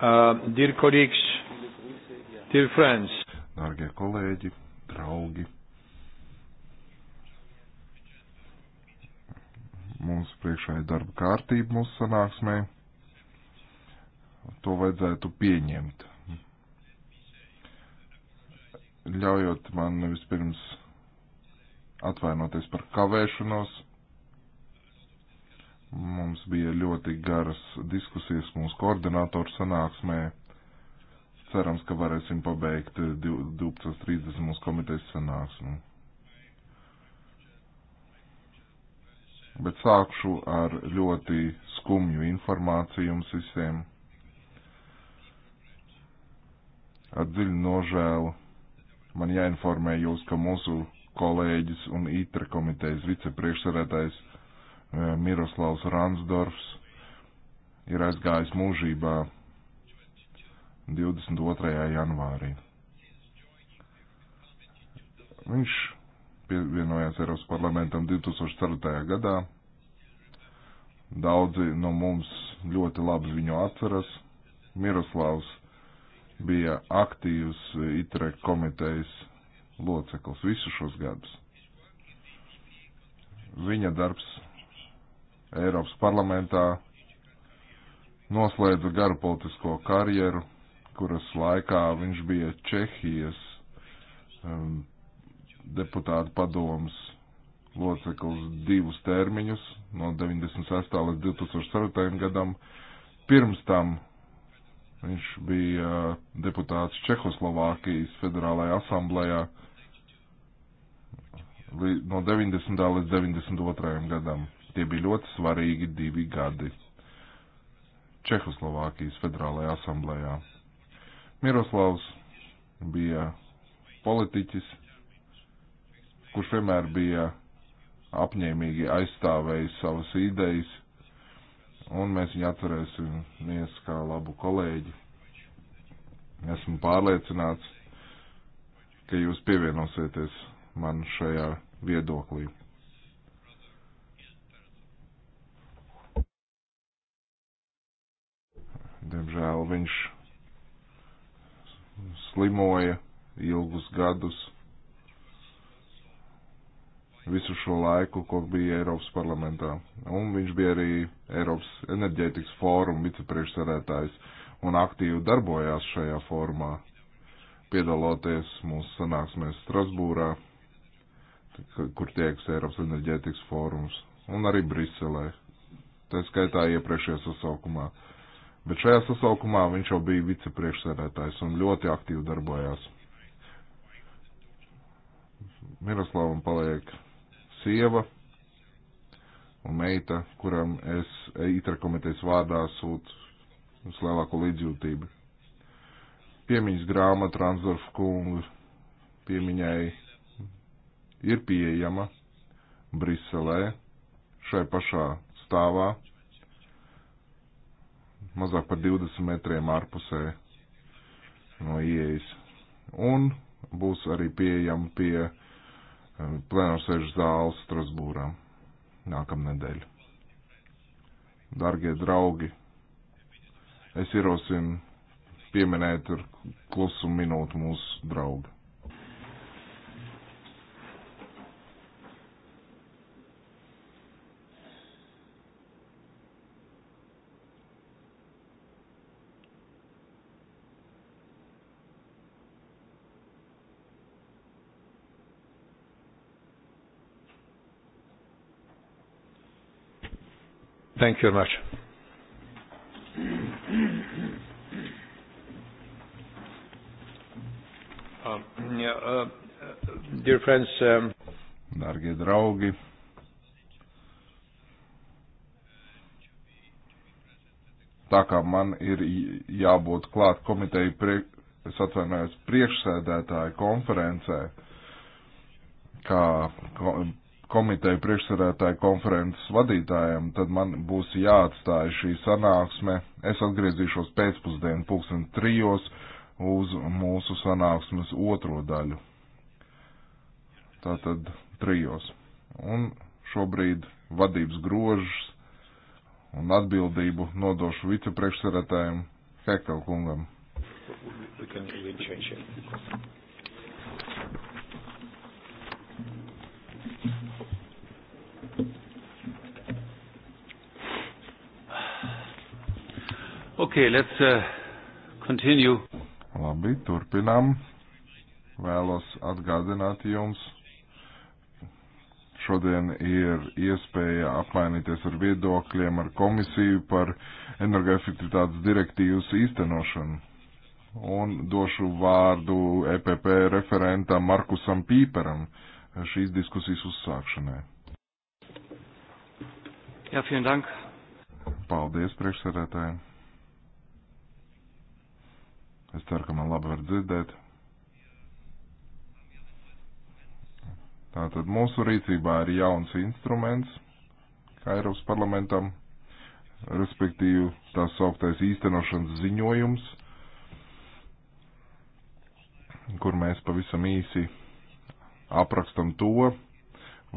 Uh, dear colleagues, dear friends. Dārgie kolēģi, draugi. Mums priekšā ir darba kārtība mūsu sanāksmē. To vajadzētu pieņemt. Ļaujot man vispirms atvainoties par kavēšanos. Mums bija ļoti garas diskusijas mūsu koordinātoru sanāksmē. Cerams, ka varēsim pabeigt 12.30 mūsu komitejas sanāksmi. Bet sākšu ar ļoti skumju informāciju jums visiem. Ar dziļu nožēlu man jāinformē jūs, ka mūsu kolēģis un ITRE komitejas vicepriekšsarētājs Eh, Miroslavs Ransdorfs ir aizgājis mūžībā 22. janvārī. Viņš pievienojās Eiropas parlamentam 2004. gadā. Daudzi no mums ļoti labi viņu atceras. Miroslavs bija aktīvs ITRE komitejas loceklis visu šos gadus. Viņa darbs Eiropas parlamentā noslēdza garu politisko karjeru, kuras laikā viņš bija Čehijas um, deputāta padomas loceklis divus termiņus, no 96. līdz 2004. gadam. Pirms tam viņš bija deputāts Čehoslovākijas federālajā asamblējā no 90. līdz 92. gadam. Tie bija ļoti svarīgi divi gadi Čehoslovākijas federālajā asamblējā. Miroslavs bija politiķis, kurš vienmēr bija apņēmīgi aizstāvējis savas idejas, un mēs viņu atcerēsimies kā labu kolēģi. Esmu pārliecināts, ka jūs pievienosieties man šajā viedoklī. Diemžēl viņš slimoja ilgus gadus. Visu šo laiku, ko bija Eiropas parlamentā. Un viņš bija arī Eiropas enerģētikas fóruma vicepriekšsēdētājs un aktīvi darbojās šajā fórumā, piedaloties mūsu sanāksmēs Strasbūrā, kur tieks Eiropas enerģētikas fórums, un arī Briselē. Tā skaitā iepriekšējā sasaukumā. Uh, Bet šajā sasaukumā viņš jau bija vicepriekšsēdētājs un ļoti aktīvi darbojās. Miroslavam paliek sieva un meita, kuram es e, itra komitejas vārdā sūtu vislielāko līdzjūtību. Piemiņas grāmata Transdorf kungu piemiņai ir pieejama Briselē šai pašā stāvā mazāk par 20 metriem ārpusē no ieejas. Un būs arī pieejama pie eh, plenārsēžu zāles Strasbūrā nākamnedēļ. Dargie draugi, es ierosinu pieminēt ar klusu minūtu mūsu draugu. Thank you very much. Um, yeah, uh, uh, dear friends, um, Dargie draugi, tā kā man ir jābūt klāt komiteju, prie, es atvainojos, priekšsēdētāju konferencē, kā komiteju priekšsarētāju konferences vadītājiem, tad man būs jāatstāj šī sanāksme. Es atgriezīšos pēcpusdienu pulksten trijos uz mūsu sanāksmes otro daļu. Tātad trijos. Un šobrīd vadības grožus un atbildību nodošu vicepriekšsarētājiem Hekel kungam. We can, we can Okay, let's uh, continue. Labi, turpinām. Vēlos atgādināt jums. Šodien ir iespēja apmainīties ar viedokļiem ar komisiju par energoefektivitātes direktīvas īstenošanu. Un došu vārdu EPP referentam Markusam Pīperam šīs diskusijas uzsākšanai. Jā, ja, vielen dank. Paldies, priekšsēdētāji. Es ceru, ka man labi var dzirdēt. Tātad mūsu rīcībā ir jauns instruments, kā Eiropas parlamentam, respektīvi tā sauktais īstenošanas ziņojums, kur mēs pavisam īsi aprakstam to,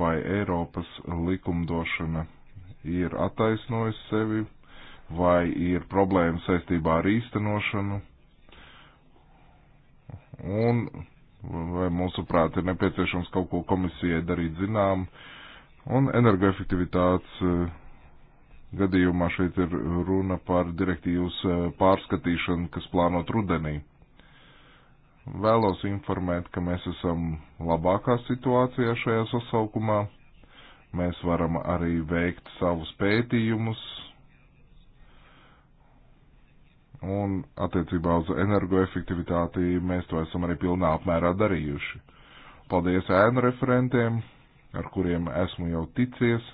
vai Eiropas likumdošana ir attaisnojusi sevi, vai ir problēma saistībā ar īstenošanu Un vai mūsuprāt ir nepieciešams kaut ko komisijai darīt zinām. Un energoefektivitātes eh, gadījumā šeit ir runa par direktīvas eh, pārskatīšanu, kas plānot rudenī. Vēlos informēt, ka mēs esam labākā situācijā šajā sasaukumā. Mēs varam arī veikt savus pētījumus, un attiecībā uz energoefektivitāti mēs to esam arī pilnā apmērā darījuši. Paldies ēnu referentiem, ar kuriem esmu jau ticies.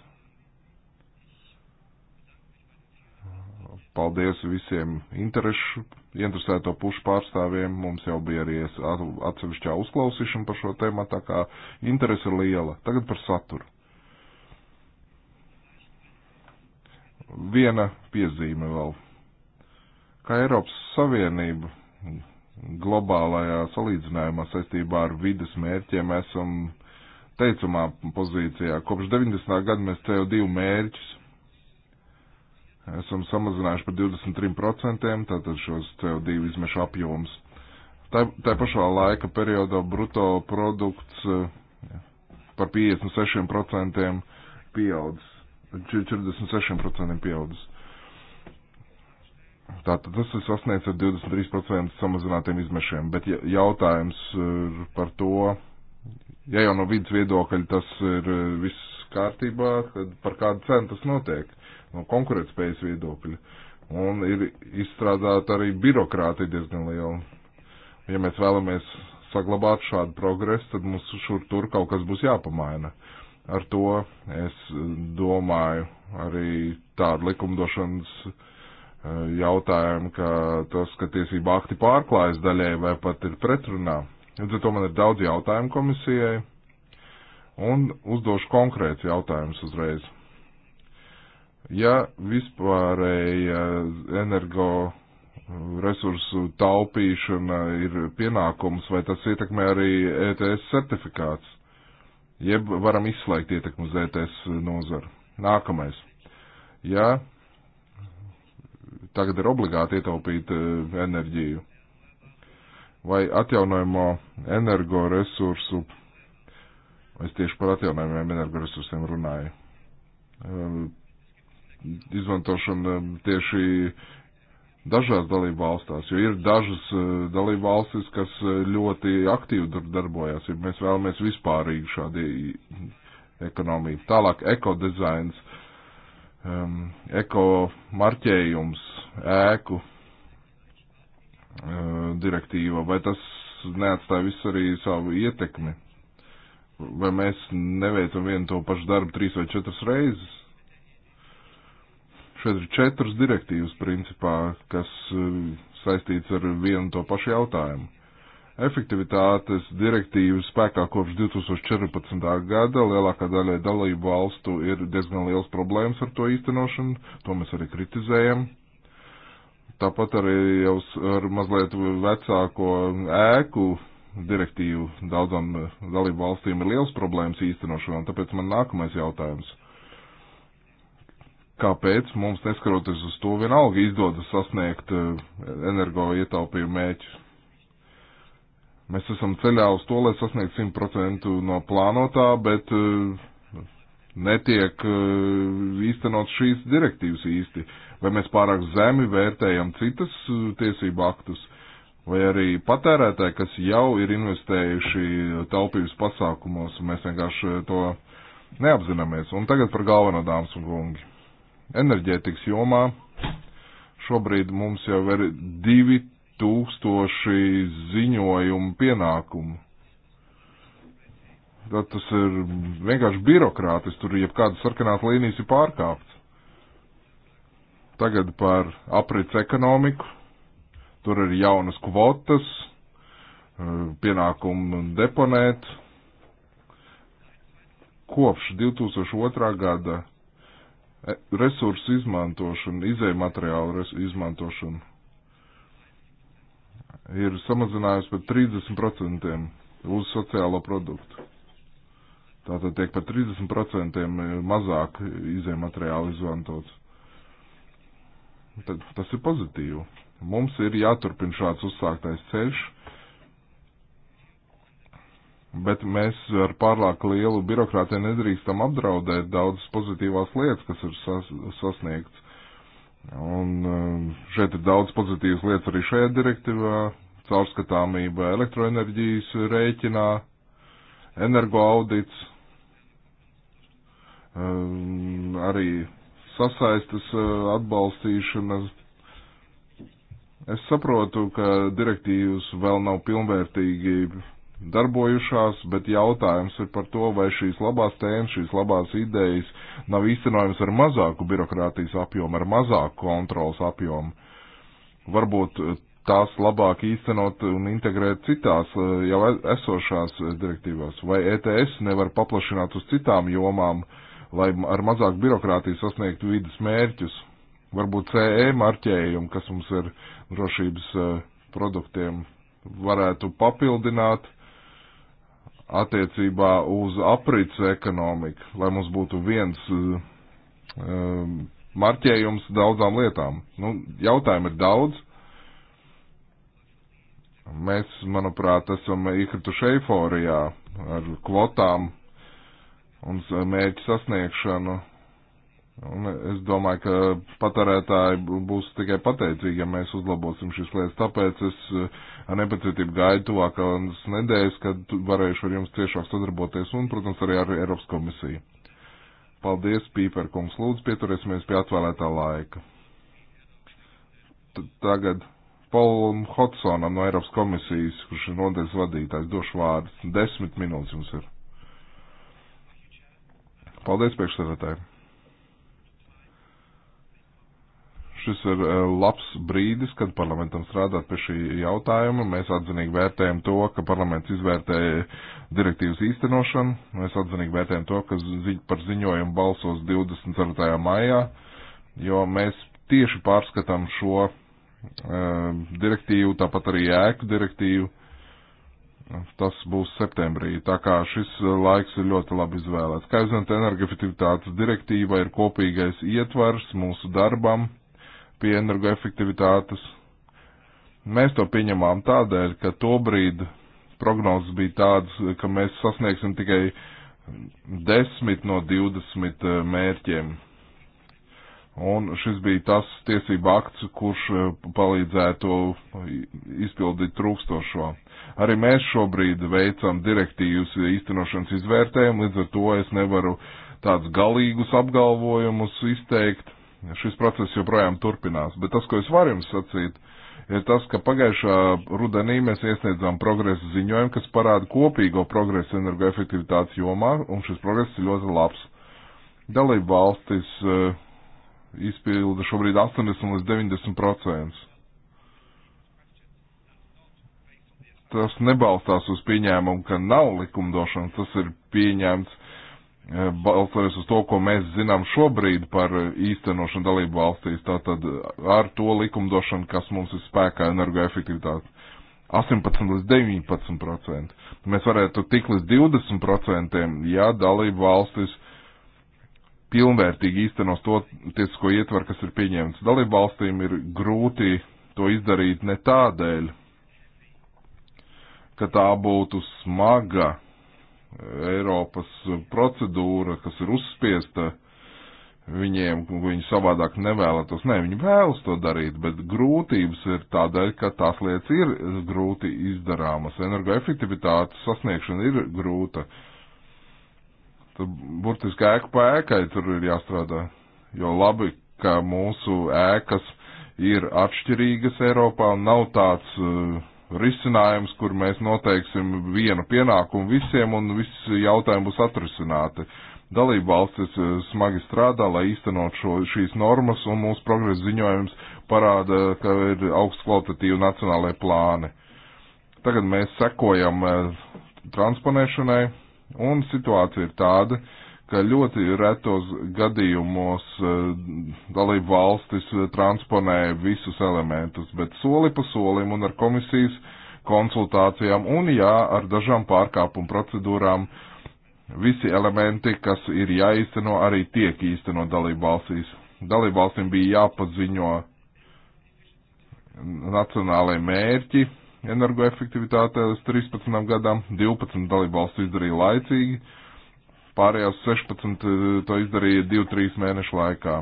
Paldies visiem interešu, interesēto pušu pārstāvjiem. Mums jau bija arī atsevišķā uzklausīšana par šo tēmu, tā kā interese ir liela. Tagad par saturu. Viena piezīme vēl kā Eiropas Savienība globālajā salīdzinājumā saistībā ar vidas mērķiem esam teicamā pozīcijā. Kopš 90. gada mēs CO2 mērķus esam samazinājuši par 23%, tātad šos CO2 izmešu apjoms. Tā, tā pašā laika periodā bruto produkts eh, par 56% pieaudzis, 46% pieaudzis. Tātad tas ir sasniegts ar 23% samazinātiem izmešiem, bet jautājums ir par to, ja jau no vidas viedokļa tas ir e, viss kārtībā, tad par kādu cenu tas notiek no konkurētspējas viedokļa. Un ir izstrādāta arī birokrātija diezgan liela. Ja mēs vēlamies saglabāt šādu progresu, tad mums šur tur kaut kas būs jāpamaina. Ar to es domāju arī tādu likumdošanas jautājumu, ka tas, ka tiesība akti pārklājas daļai vai pat ir pretrunā. Līdz ar to man ir daudz jautājumu komisijai un uzdošu konkrēts jautājums uzreiz. Ja vispārēja energo resursu taupīšana ir pienākums, vai tas ietekmē arī ETS certifikāts, jeb varam izslēgt ietekmu uz ETS nozaru. Nākamais. Ja tagad ir obligāti ietaupīt e, enerģiju. Vai atjaunojamo energoresursu, es tieši par atjaunojamiem energoresursiem runāju, e, izmantošana e, tieši dažās dalību valstās, jo ir dažas dalību valstis, kas ļoti aktīvi darbojas, ja mēs vēlamies vispārīgi šādi ekonomiju. Tālāk ekodizains um, eko marķējums ēku uh, direktīva, vai tas neatstāja visu arī savu ietekmi? Vai mēs neveicam vienu to pašu darbu trīs vai četras reizes? Šeit ir četras direktīvas principā, kas uh, saistīts ar vienu to pašu jautājumu efektivitātes direktīvas spēkā kopš 2014. gada. Lielākā daļa dalību valstu ir diezgan liels problēmas ar to īstenošanu, to mēs arī kritizējam. Tāpat arī jau ar mazliet vecāko ēku direktīvu daudzām dalību valstīm ir liels problēmas īstenošanā, tāpēc man nākamais jautājums. Kāpēc mums, neskaroties uz to, vienalga izdodas sasniegt eh, energo ietaupījumu mēķus? Mēs esam ceļā uz to, lai sasniegtu 100% no plānotā, bet eh, netiek eh, īstenot šīs direktīvas īsti. Vai mēs pārāk zemi vērtējam citas eh, tiesību aktus, vai arī patērētāji, kas jau ir investējuši taupības pasākumos, un mēs vienkārši to neapzināmies. Un tagad par galveno dāmas un kungi. Enerģētikas jomā šobrīd mums jau ir divi tūkstoši ziņojumu pienākumu. Tad tas ir vienkārši birokrātis, tur jebkādas sarkanās līnijas ir pārkāpts. Tagad par aprits ekonomiku. Tur ir jaunas kvotas, eh, pienākumu deponēt. Kopš 2002. gada eh, resursu izmantošana, izējumateriālu izmantošana ir samazinājusi par 30% uz sociālo produktu. Tātad tiek par 30% mazāk izējumateriāli izmantots. Tad tas ir pozitīvi. Mums ir jāturpina šāds uzsāktais ceļš, bet mēs ar pārlāk lielu birokrātiju nedrīkstam apdraudēt daudzas pozitīvās lietas, kas ir sas, sasniegts. Un um, šeit ir daudz pozitīvas lietas arī šajā direktīvā - caurskatāmība elektroenerģijas rēķinā, energoaudits, um, arī sasaistas uh, atbalstīšana. Es saprotu, ka direktīvas vēl nav pilnvērtīgi darbojušās, bet jautājums ir par to, vai šīs labās tēmas, šīs labās idejas nav īstenojams ar mazāku birokrātijas apjomu, ar mazāku kontrolas apjomu. Varbūt eh, tās labāk īstenot un integrēt citās eh, jau e-, esošās direktīvās, vai ETS nevar paplašināt uz citām jomām, lai ar mazāk birokrātijas sasniegtu vidas mērķus. Varbūt CE marķējumu, kas mums ir drošības eh, produktiem, varētu papildināt attiecībā uz aprits ekonomiku, lai mums būtu viens um, marķējums daudzām lietām. Nu, jautājumu ir daudz. Mēs, manuprāt, esam iekrituši eiforijā ar kvotām un mērķu sasniegšanu Un es domāju, ka patērētāji būs tikai pateicīgi, ja mēs uzlabosim šīs lietas. Tāpēc es eh, ar nepacietību gaidu tuvākās nedēļas, kad varēšu ar jums ciešāk sadarboties un, protams, arī ar Eiropas komisiju. Paldies, Pīperkungs. Lūdzu, pieturēsimies pie atvēlētā laika. T Tagad Paulam Hotsonam no Eiropas komisijas, kurš ir nodeļas vadītājs, došu vārdu. Desmit minūtes jums ir. Paldies, priekšsēdētāji. šis ir e, labs brīdis, kad parlamentam strādāt pie šī jautājuma. Mēs atzinīgi vērtējam to, ka parlaments izvērtēja direktīvas īstenošanu. Mēs atzinīgi vērtējam to, ka zi par ziņojumu balsos 24. maijā, jo mēs tieši pārskatām šo uh, direktīvu, tāpat arī ēku direktīvu. Tas būs septembrī, tā kā šis laiks ir ļoti labi izvēlēts. Kā jūs zināt, energoefektivitātes direktīva ir kopīgais ietvars mūsu darbam, pie energoefektivitātes. Mēs to pieņemām tādēļ, ka tobrīd prognozes bija tādas, ka mēs sasniegsim tikai 10 no 20 eh, mērķiem. Un šis bija tas tiesība akts, kurš eh, palīdzētu izpildīt trūkstošo. Arī mēs šobrīd veicam direktīvas īstenošanas izvērtējumu, līdz ar to es nevaru tādus galīgus apgalvojumus izteikt, Šis process joprojām turpinās, bet tas, ko es varu jums sacīt, ir tas, ka pagājušā rudenī mēs iesniedzām progresu ziņojumu, kas parāda kopīgo progresu energoefektivitātes jomā, un šis progress ir ļoti labs. Dalība valstis eh, izpilda šobrīd 80 līdz 90 procentus. Tas nebalstās uz pieņēmumu, ka nav likumdošanas, tas ir pieņēmts Eh, balstoties uz to, ko mēs zinām šobrīd par eh, īstenošanu dalību valstīs, tātad eh, ar to likumdošanu, kas mums ir spēkā energoefektivitāte. 18 līdz 19%. Mēs varētu tik līdz 20%, ja dalību valstis pilnvērtīgi īstenos to tiesisko ietvaru, kas ir pieņemts. Dalību valstīm ir grūti to izdarīt ne tādēļ, ka tā būtu smaga Eiropas procedūra, kas ir uzspiesta viņiem, viņi savādāk nevēlētos. Nē, viņi vēlas to darīt, bet grūtības ir tādēļ, ka tās lietas ir grūti izdarāmas. Energoefektivitātes sasniegšana ir grūta. Tad burtiski ēku pa ēkai tur ir jāstrādā. Jo labi, ka mūsu ēkas ir atšķirīgas Eiropā un nav tāds uh, risinājums, kur mēs noteiksim vienu pienākumu visiem un visi jautājumi būs atrisināti. Dalība valstis eh, smagi strādā, lai īstenot šo, šīs normas, un mūsu progresa ziņojums parāda, ka ir augsts kvalitatīvi nacionālai plāni. Tagad mēs sekojam eh, transponēšanai, un situācija ir tāda, uh, ka ļoti retos gadījumos eh, dalību valstis eh, transponē visus elementus, bet soli pa solim un ar komisijas konsultācijām un, jā, ar dažām pārkāpumu procedūrām visi elementi, kas ir jāīsteno, arī tiek īsteno dalību valstīs. Dalību valstīm bija jāpaziņo nacionālai mērķi energoefektivitāte uz 13 gadam, 12 dalību valstu izdarīja laicīgi, pārējās 16 eh, to izdarīja 2-3 mēnešu laikā.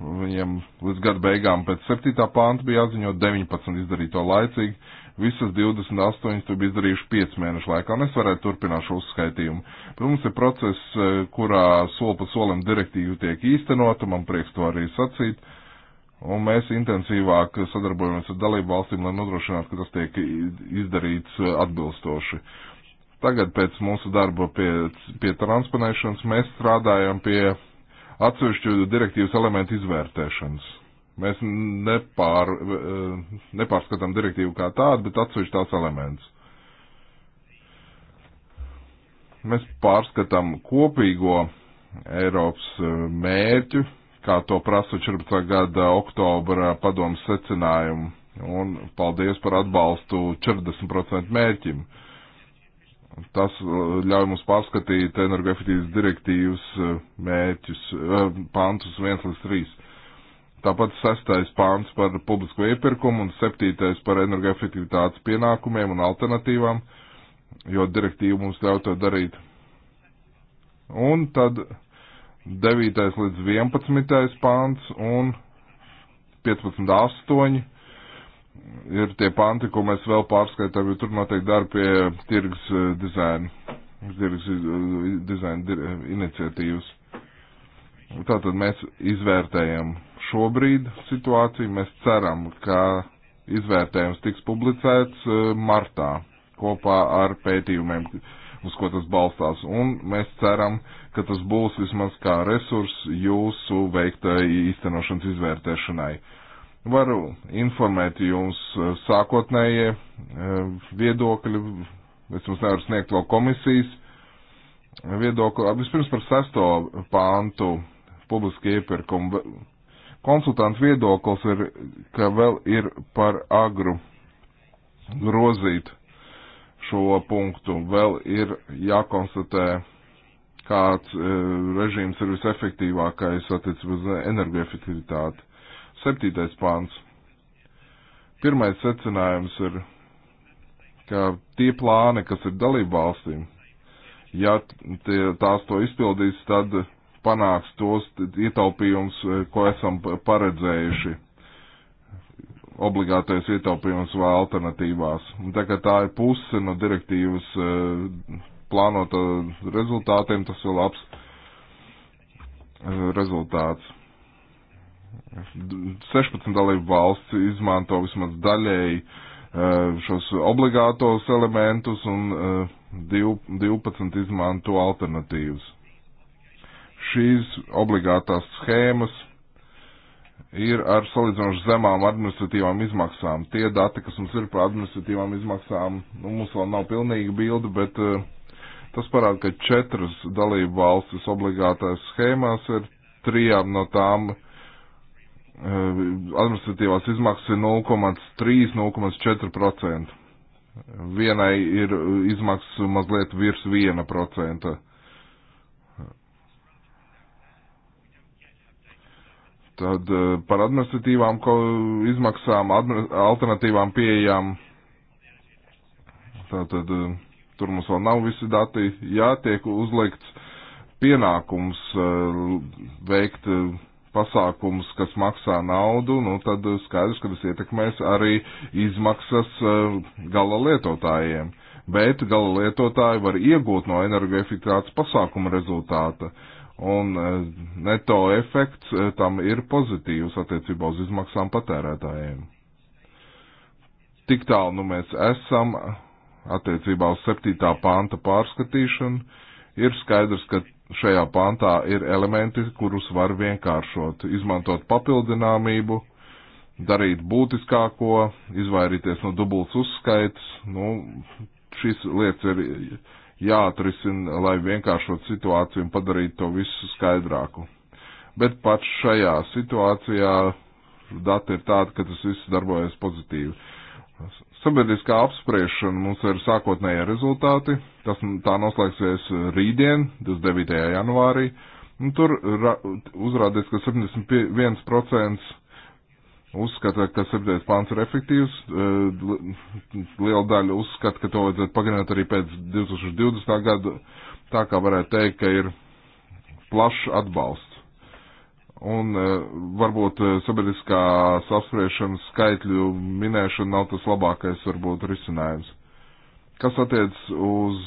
Viņam līdz gada beigām pēc 7. pānta bija jāziņo 19 izdarīto laicīgi, visas 28 to bija izdarījuši 5 mēnešu laikā, un es varētu turpināt šo uzskaitījumu. Protams, ir process, eh, kurā soli pa solim direktīvu tiek īstenota, man prieks to arī sacīt, un mēs intensīvāk sadarbojamies ar dalību valstīm, lai nodrošinātu, ka tas tiek izdarīts eh, atbilstoši. Uh, Tagad pēc mūsu darba pie, pie transponēšanas mēs strādājam pie atsevišķu direktīvas elementu izvērtēšanas. Mēs nepār, eh, nepārskatām direktīvu kā tādu, bet atsevišķu tās elementus. Mēs pārskatām kopīgo Eiropas eh, mērķu, kā to prasa 14. gada oktobra padomas secinājumu, un paldies par atbalstu 40% mērķim. Uh, Tas uh, ļauj mums pārskatīt energoefektīvas direktīvas uh, mērķus, uh, pantus 1 līdz 3. Tāpat sastais pāns par publisko iepirkumu un septītais par energoefektivitātes pienākumiem un alternatīvām, jo direktīva mums ļauj to darīt. Un tad 9. līdz 11. pāns un 15.8 ir tie panti, ko mēs vēl pārskaitām, jo tur noteikti darba pie tirgus eh, dizaina, tirgus eh, dizaina eh, iniciatīvas. Tātad mēs izvērtējam šobrīd situāciju, mēs ceram, ka izvērtējums tiks publicēts martā kopā ar pētījumiem, uz ko tas balstās, un mēs ceram, ka tas būs vismaz kā resurs jūsu veiktai īstenošanas izvērtēšanai. Uh, Varu informēt jums eh, sākotnējie eh, viedokļi, es jums nevaru sniegt vēl komisijas viedokli. Vispirms par sesto pāntu publiski iepirkumu. Konsultants viedoklis ir, ka vēl ir par agru grozīt šo punktu. Vēl ir jākonstatē, kāds e, režīms ir visefektīvākais attiecībā uz energoefektivitāti. Septītais pāns. Pirmais secinājums ir, ka tie plāni, kas ir dalību valstīm, ja tie, tās to izpildīs, tad panāks tos ietaupījums, ko esam paredzējuši. Obligātais ietaupījums vai alternatīvās. Un tā kā tā ir puse no direktīvas eh, plānota rezultātiem, tas ir labs eh, rezultāts. 16 dalību valsts izmanto vismaz daļēji eh, šos obligātos elementus un 12 eh, izmanto alternatīvas. Šīs obligātās schēmas ir ar salīdzinoši zemām administratīvām izmaksām. Tie dati, kas mums ir par administratīvām izmaksām, nu, mums vēl nav pilnīga bilde, bet uh, tas parāda, ka četras dalību valstis obligātās schēmās ir trijām no tām uh, administratīvās izmaksas ir 0,3-0,4%. Vienai ir izmaksas mazliet virs 1%. Tad eh, par administratīvām izmaksām, alternatīvām pieejām. Tātad eh, tur mums vēl nav visi dati. Jā, tiek uzlikts pienākums eh, veikt pasākums, kas maksā naudu, nu tad skaidrs, ka tas ietekmēs arī izmaksas e, gala lietotājiem. Bet gala lietotāji var iegūt no energoefektivitātes pasākuma rezultāta. Un e, neto efekts e, tam ir pozitīvs attiecībā uz izmaksām patērētājiem. Tik tālu nu mēs esam attiecībā uz 7. panta pārskatīšanu. Ir skaidrs, ka šajā pantā ir elementi, kurus var vienkāršot, izmantot papildināmību, darīt būtiskāko, izvairīties no dubults uzskaits. Nu, šīs lietas ir jāatrisina, lai vienkāršot situāciju un padarītu to visu skaidrāku. Bet pat šajā situācijā dati ir tādi, ka tas viss darbojas pozitīvi. Sabiedriskā apspriešana mums ir sākotnējie rezultāti. Tas, tā noslēgsies rītdien, 29. janvārī. Un tur uzrādīs, ka 71% uzskata, ka 7. pāns ir efektīvs. E, liela daļa uzskata, ka to vajadzētu pagarināt arī pēc 2020. gada. Tā kā varētu teikt, ka ir plašs atbalsts. Un e, varbūt e, sabiedriskās apspriešanas skaitļu minēšana nav tas labākais varbūt risinājums. Kas attiec uz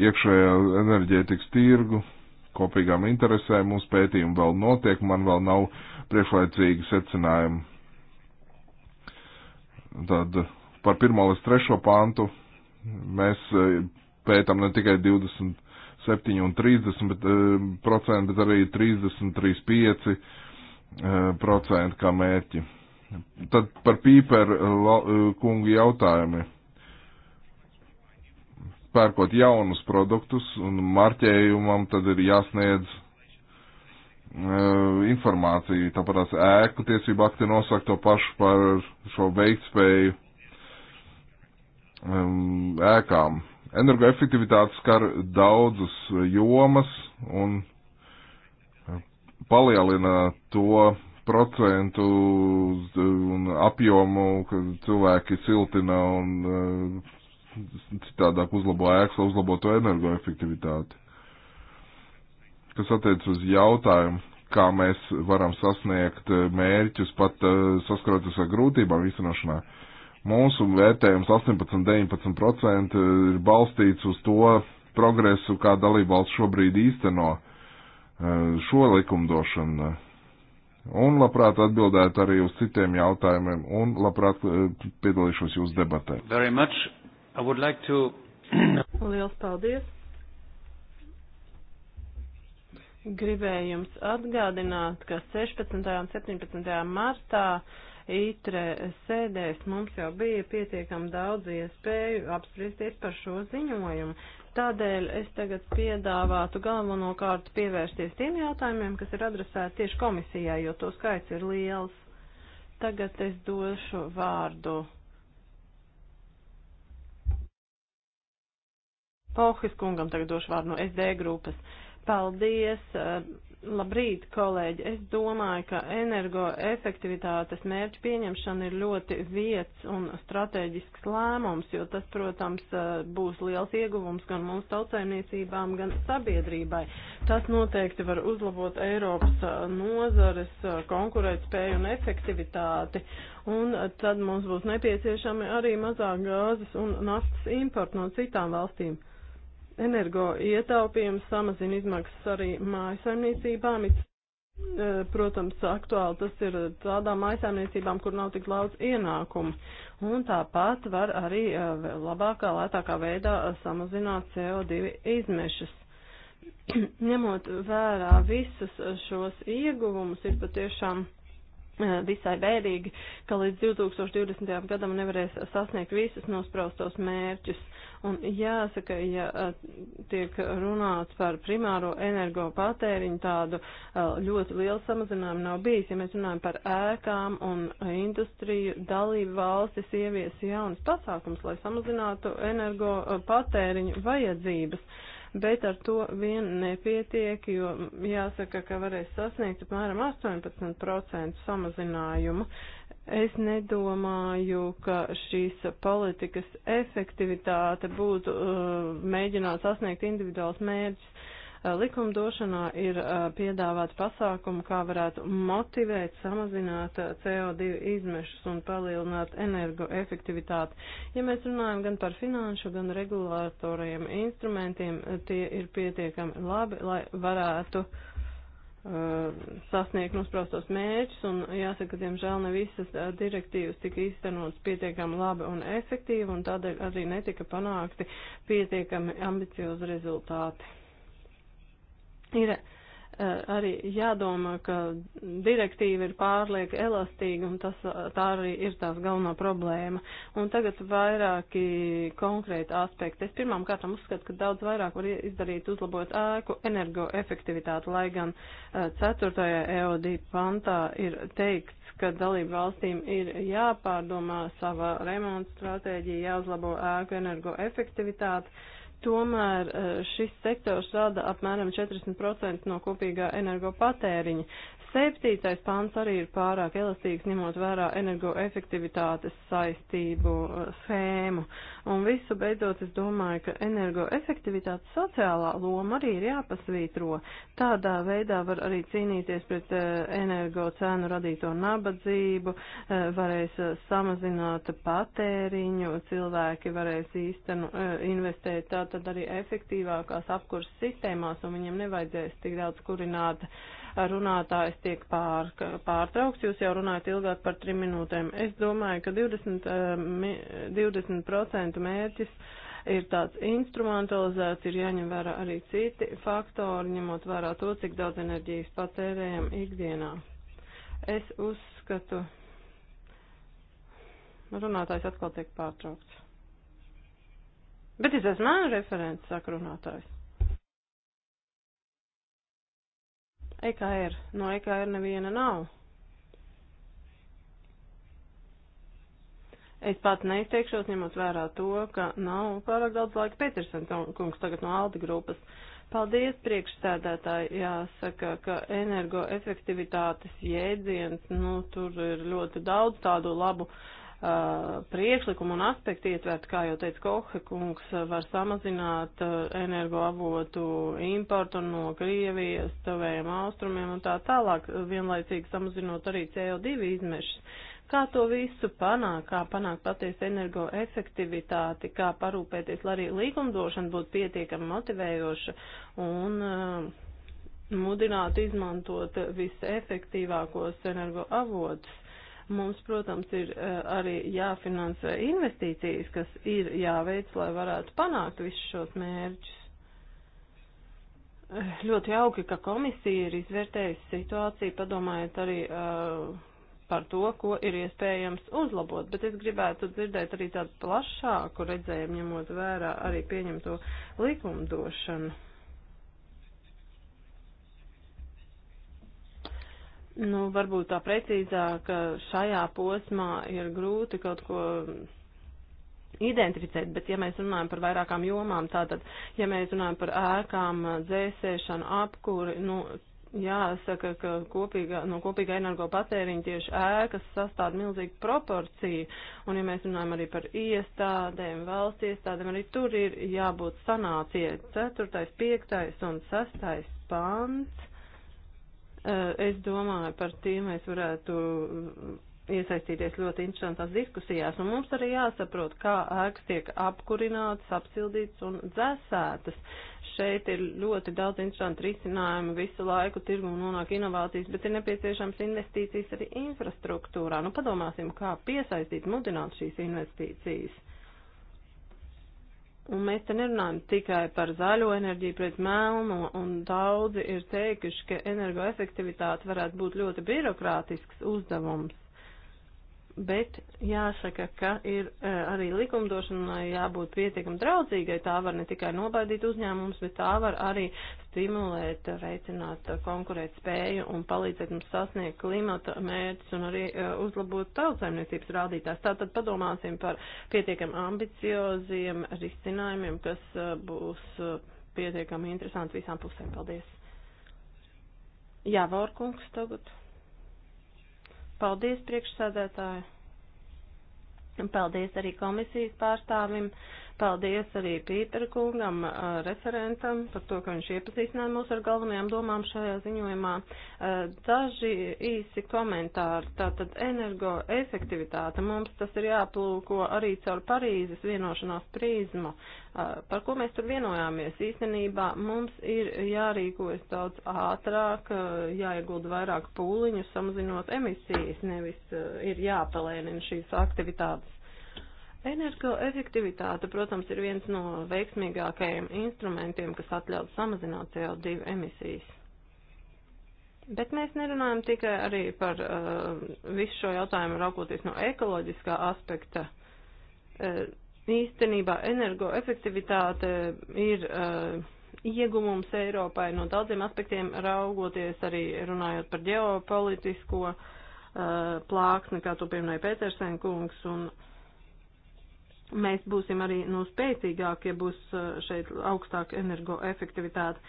iekšējā enerģētikas tirgu, kopīgām interesēm, mūsu pētījumi vēl notiek, man vēl nav priekšlaicīgi secinājumi. Tad par pirmo līdz trešo pantu mēs e, pētām ne tikai 20 7 un 30 bet, eh, procenti, bet arī 33,5 eh, procenti kā mērķi. Tad par pīperu eh, kungu jautājumi. Pērkot jaunus produktus un marķējumam, tad ir jāsniedz uh, informācija, tāpat tās ēku tiesība akti nosaka to pašu par šo veiktspēju um, ēkām Energoefektivitāte skar daudzas jomas un palielina to procentu un apjomu, ka cilvēki siltina un eh, citādāk uzlabo ēkas, lai uzlabotu energoefektivitāti. Kas attiec uz jautājumu, kā mēs varam sasniegt eh, mērķus, pat eh, saskaroties ar grūtībām īstenošanā. Uh, Mūsu vērtējums 18-19% ir balstīts uz to progresu, kā dalībvalsts šobrīd īsteno e, šo likumdošanu. Un labprāt atbildētu arī uz citiem jautājumiem un labprāt e, piedalīšos jūsu debatē. Like to... Liels paldies! Gribēju jums atgādināt, ka 16. un 17. martā uh, ITRE sēdēs mums jau bija pietiekam daudz iespēju apspriesties par šo ziņojumu. Tādēļ es tagad piedāvātu galvenokārt pievērsties tiem jautājumiem, kas ir adresēti tieši komisijai, jo to skaits ir liels. Tagad es došu vārdu. Pauhis kungam tagad došu vārdu no SD grupas. Paldies! Eh, Labrīt, kolēģi! Es domāju, ka energoefektivitātes mērķu pieņemšana ir ļoti vietas un strateģisks lēmums, jo tas, protams, eh, būs liels ieguvums gan mūsu tautsēmniecībām, gan sabiedrībai. Tas noteikti var uzlabot Eiropas eh, nozares eh, konkurētspēju un efektivitāti, un tad mums būs nepieciešami arī mazāk gāzes un naftas importu no citām valstīm. Energo ietaupījums samazina izmaksas arī mājasaimniecībām. E, protams, aktuāli tas ir tādām maisaimniecībām, kur nav tik daudz ienākumu. Un tāpat var arī e, labākā, lētākā veidā samazināt CO2 izmešas. Ņemot vērā visus šos ieguvumus, ir patiešām e, visai bēdīgi, ka līdz 2020. gadam nevarēs sasniegt visus nospraustos mērķus. Un jāsaka, ja tiek runāts par primāro energo patēriņu, tādu ļoti lielu samazinājumu nav bijis. Ja mēs runājam par ēkām un industriju, dalību valstis ievies jaunas pasākums, lai samazinātu energo patēriņu vajadzības. Bet ar to vien nepietiek, jo jāsaka, ka varēs sasniegt apmēram 18% samazinājumu. Es nedomāju, ka šīs politikas efektivitāte būtu uh, mēģināt sasniegt individuāls mērķis. Uh, likumdošanā ir uh, piedāvāts pasākumu, kā varētu motivēt, samazināt uh, CO2 izmešus un palielināt energoefektivitāti. Ja mēs runājam gan par finanšu, gan regulātoriem instrumentiem, tie ir pietiekami labi, lai varētu uh, Uh, sasniegt nospraustos mērķus, un jāsaka, diemžēl ne visas uh, direktīvas tika īstenotas pietiekami labi un efektīvi, un tādēļ arī netika panākti pietiekami ambiciozi rezultāti. Ir arī jādomā, ka direktīva ir pārlieka elastīga un tas, tā arī ir tās galvenā problēma. Un tagad vairāki konkrēti aspekti. Es pirmām kārtām uzskatu, ka daudz vairāk var izdarīt uzlabot ēku energoefektivitāti, lai gan 4. EOD pantā ir teikts, ka dalību valstīm ir jāpārdomā sava remonta stratēģija, jāuzlabo ēku energoefektivitāti Tomēr eh, šis sektors rada apmēram 40% no kopīgā energopatēriņa. Septītais pāns arī ir pārāk elastīgs, ņemot vērā energoefektivitātes saistību uh, schēmu. Un visu beidzot, es domāju, ka energoefektivitātes sociālā loma arī ir jāpasvītro. Tādā veidā var arī cīnīties pret uh, energo cēnu radīto nabadzību, uh, varēs samazināt patēriņu, cilvēki varēs īstenu investēt tātad arī efektīvākās apkurses sistēmās, un viņiem nevajadzēs tik daudz kurināt uh, runātājs tiek pār, pārtraukts, jūs jau runājat ilgāk par trim minūtēm. Es domāju, ka 20, 20% eh, mērķis ir tāds instrumentalizēts, ir jāņem vērā arī citi faktori, ņemot vērā to, cik daudz enerģijas patērējam ikdienā. Es uzskatu, runātājs atkal tiek pārtraukts. Bet es esmu referents, saka runātājs. EKR. No EKR neviena nav. Es pat neizteikšos, ņemot vērā to, ka nav pārāk daudz laika. Petersens kungs tagad no Aldi grupas. Paldies priekšsēdētāji, jāsaka, ka energoefektivitātes jēdziens, nu, tur ir ļoti daudz tādu labu uh, Uh, priekšlikumu un aspektu ietvert, kā jau teica Kohe kungs, uh, var samazināt uh, energoavotu importu no Krievijas, tavējiem austrumiem un tā tālāk, vienlaicīgi samazinot arī CO2 izmešas. Kā to visu panākt, kā panākt patiesu energoefektivitāti, kā parūpēties, lai arī līgumdošana būtu pietiekami motivējoša un uh, mudinātu izmantot visefektīvākos energoavotus Mums, protams, ir eh, arī jāfinansē investīcijas, kas ir jāveic, lai varētu panākt visus šos mērķus. Eh, ļoti jauki, ka komisija ir izvērtējusi situāciju, padomājot arī uh, par to, ko ir iespējams uzlabot, bet es gribētu dzirdēt arī tādu plašāku redzējumu, ņemot vērā arī pieņemto likumdošanu. Nu, varbūt tā precīzāk, šajā posmā ir grūti kaut ko identificēt, bet ja mēs runājam par vairākām jomām, tātad, ja mēs runājam par ēkām, dzēsēšanu, apkuri, nu, jāsaka, ka kopīga, no kopīga energopatēriņa tieši ēkas sastāv milzīgu proporciju, un ja mēs runājam arī par iestādēm, valsts iestādēm, arī tur ir jābūt sanācijai 4., 5. un 6. pants Eh, es domāju, par tiem mēs varētu mm, iesaistīties ļoti interesantās diskusijās, un mums arī jāsaprot, kā ēkas tiek apkurinātas, apsildītas un dzēsētas. Šeit ir ļoti daudz interesantu risinājumu, visu laiku tirgu nonāk inovācijas, bet ir nepieciešams investīcijas arī infrastruktūrā. Nu, padomāsim, kā piesaistīt, mudināt šīs investīcijas. Un mēs te nerunājam tikai par zaļo enerģiju pret melno, un daudzi ir teikuši, ka energoefektivitāte varētu būt ļoti birokrātisks uzdevums. Bet jāsaka, ka ir e, arī likumdošanai jābūt pietiekam draudzīgai. Tā var ne tikai nobaidīt uzņēmumus, bet tā var arī stimulēt, veicināt e, konkurēt spēju un palīdzēt mums sasniegt klimata mērķus un arī e, uzlabot tautsaimniecības rādītājs. Tātad padomāsim par pietiekam ambicioziem risinājumiem, kas būs pietiekami interesanti visām pusēm. Paldies! Jā, Vorkungs tagad. Paldies priekšsēdētāji. Paldies arī komisijas pārstāvim. Uh, Paldies arī Pītera kungam, referentam, par to, ka viņš iepazīstināja mūs ar galvenajām domām šajā ziņojumā. Daži īsi komentāri. Tātad energoefektivitāte mums tas ir jāplūko arī caur Parīzes vienošanās prīzmu. Par ko mēs tur vienojāmies? Īstenībā mums ir jārīkojas daudz ātrāk, jāiegulda vairāk pūliņu, samazinot emisijas, nevis ir jāpalēnina šīs aktivitātes Energoefektivitāte, protams, ir viens no veiksmīgākajiem instrumentiem, kas atļauj samazināt CO2 emisijas. Bet mēs nerunājam tikai arī par uh, visu šo jautājumu raugoties no ekoloģiskā aspekta. Uh, īstenībā energoefektivitāte ir uh, iegumums Eiropai no daudziem aspektiem raugoties arī runājot par ģeopolitisko uh, plāksni, kā to pieminēja Petersen kungs. Un, uh, mēs būsim arī nu, spēcīgākie, ja būs šeit augstāka energoefektivitāte.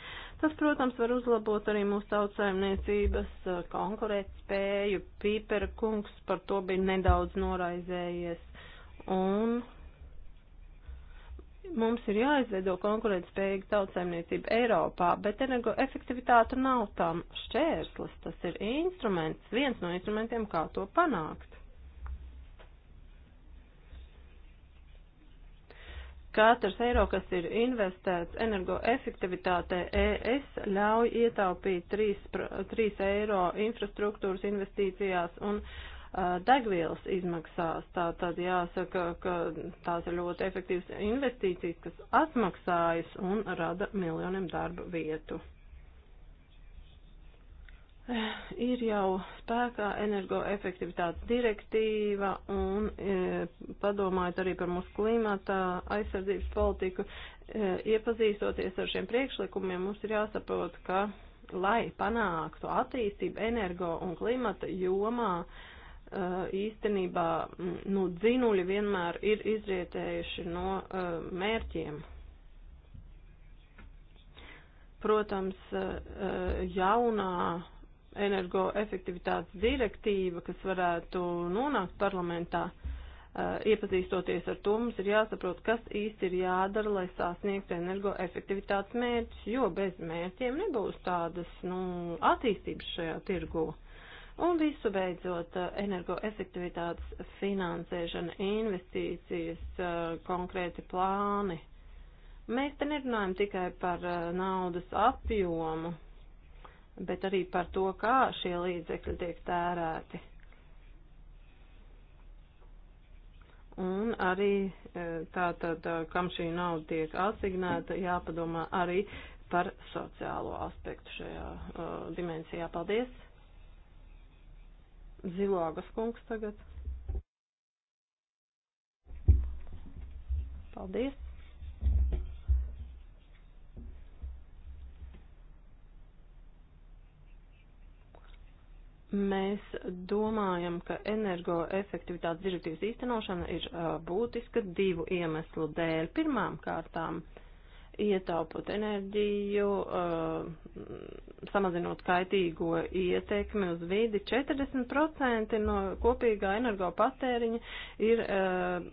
Tas, protams, var uzlabot arī mūsu tautsājumniecības konkurētspēju. Pīpera kungs par to bija nedaudz noraizējies. Un mums ir jāizveido konkurētspējīga tautsājumniecība Eiropā, bet energoefektivitāte nav tam šķērslis, tas ir instruments, viens no instrumentiem, kā to panākt. Katrs eiro, kas ir investēts energoefektivitātē ES, ļauj ietaupīt 3, 3 eiro infrastruktūras investīcijās un degvielas izmaksās. Tā tad jāsaka, ka tās ir ļoti efektīvas investīcijas, kas atmaksājas un rada miljoniem darba vietu. Ir jau spēkā energoefektivitātes direktīva un e, padomājot arī par mūsu klimata aizsardzības politiku, e, iepazīstoties ar šiem priekšlikumiem, mums ir jāsaprot, ka, lai panāktu attīstību energo un klimata jomā, e, īstenībā nu, dzinuļi vienmēr ir izrietējuši no e, mērķiem protams, e, e, jaunā energoefektivitātes direktīva, kas varētu nonākt parlamentā, eh, iepazīstoties ar to, mums ir jāsaprot, kas īsti ir jādara, lai sasniegtu energoefektivitātes mērķus, jo bez mērķiem nebūs tādas nu, attīstības šajā tirgū. Un visu beidzot, eh, energoefektivitātes finansēšana, investīcijas, eh, konkrēti plāni. Mēs te nerunājam tikai par naudas apjomu, bet arī par to, kā šie līdzekļi tiek tērēti. Un arī e, tātad, e, kam šī nauda tiek asignēta, jāpadomā arī par sociālo aspektu šajā uh, dimensijā. Paldies! Zilogas kungs tagad. Paldies! Mēs domājam, ka energoefektivitātes direktīvas īstenošana ir uh, būtiska divu iemeslu dēļ. Pirmām kārtām ietaupot enerģiju, uh, samazinot kaitīgo ietekmi uz vidi, 40% no kopīgā energopatēriņa ir uh,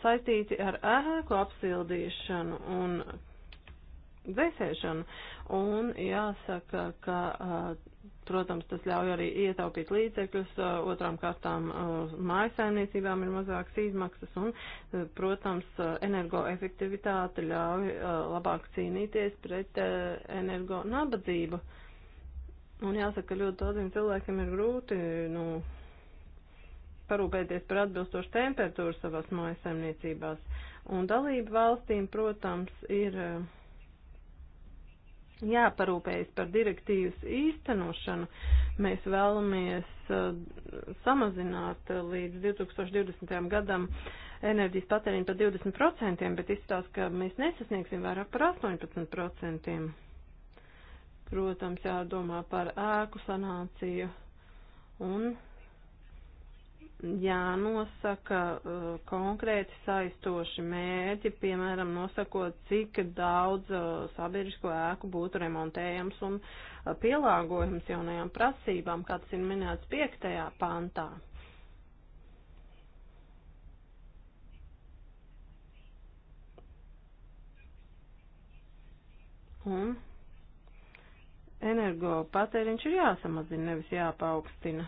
saistīti ar ēku apsildīšanu un dzēsēšanu. Un jāsaka, ka uh, protams, tas ļauj arī ietaupīt līdzekļus, otrām kārtām mājasaimniecībām ir mazākas izmaksas un, protams, energoefektivitāte ļauj labāk cīnīties pret energo nabadzību. Un jāsaka, ļoti daudziem cilvēkiem ir grūti, nu, parūpēties par atbilstošu temperatūru savās mājasaimniecībās. Un dalību valstīm, protams, ir. Uh, jāparūpējas par direktīvas īstenošanu. Mēs vēlamies uh, samazināt uh, līdz 2020. gadam enerģijas patēriņu par 20%, bet izstāsta, ka mēs nesasniegsim vairāk par 18%. Protams, jādomā par ēku sanāciju un jānosaka uh, konkrēti saistoši mērķi, piemēram, nosakot, cik daudz uh, sabiedrisko ēku būtu remontējams un uh, pielāgojams jaunajām prasībām, kā tas ir minēts piektajā pantā. Un energo patēriņš ir jāsamazina, nevis jāpaukstina.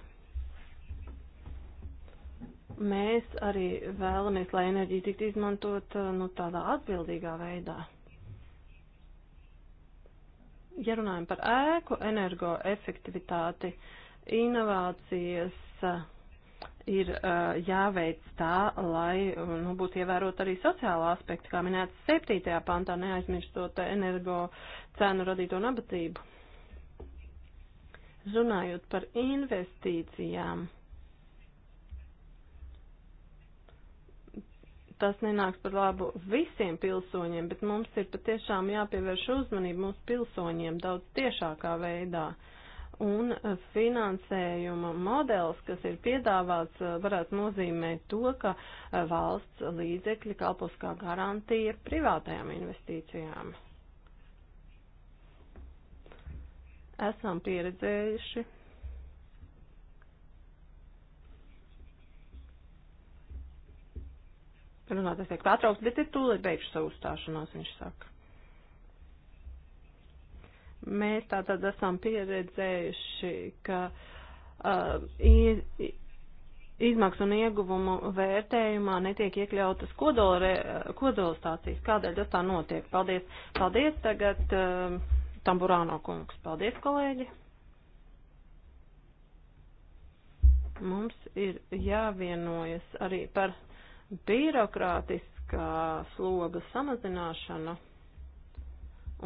Mēs arī vēlamies, lai enerģija tiktu izmantot eh, nu, tādā atbildīgā veidā. Ja runājam par ēku, energoefektivitāti, inovācijas eh, ir eh, jāveic tā, lai nu, būtu ievērot arī sociāla aspekta, kā minēts 7. pantā, neaizmirstot energo cēnu radīto nabatību. Runājot par investīcijām tas nenāks par labu visiem pilsoņiem, bet mums ir patiešām jāpievērš uzmanību mūsu pilsoņiem daudz tiešākā veidā. Un eh, finansējuma modelis, kas ir piedāvāts, eh, varētu nozīmēt to, ka eh, valsts līdzekļi kalpos kā garantija privātajām investīcijām. Esam pieredzējuši Runātājs tiek pārtraukts, bet ir tūlīt beigšu savu uzstāšanos, viņš saka. Mēs tātad esam pieredzējuši, ka uh, iz, izmaksu un ieguvumu vērtējumā netiek iekļautas kodola stācijas. Kādēļ tas tā notiek? Paldies. Paldies tagad uh, Tamburāno kungs. Paldies, kolēģi. Mums ir jāvienojas arī par birokrātiskā sloga samazināšana,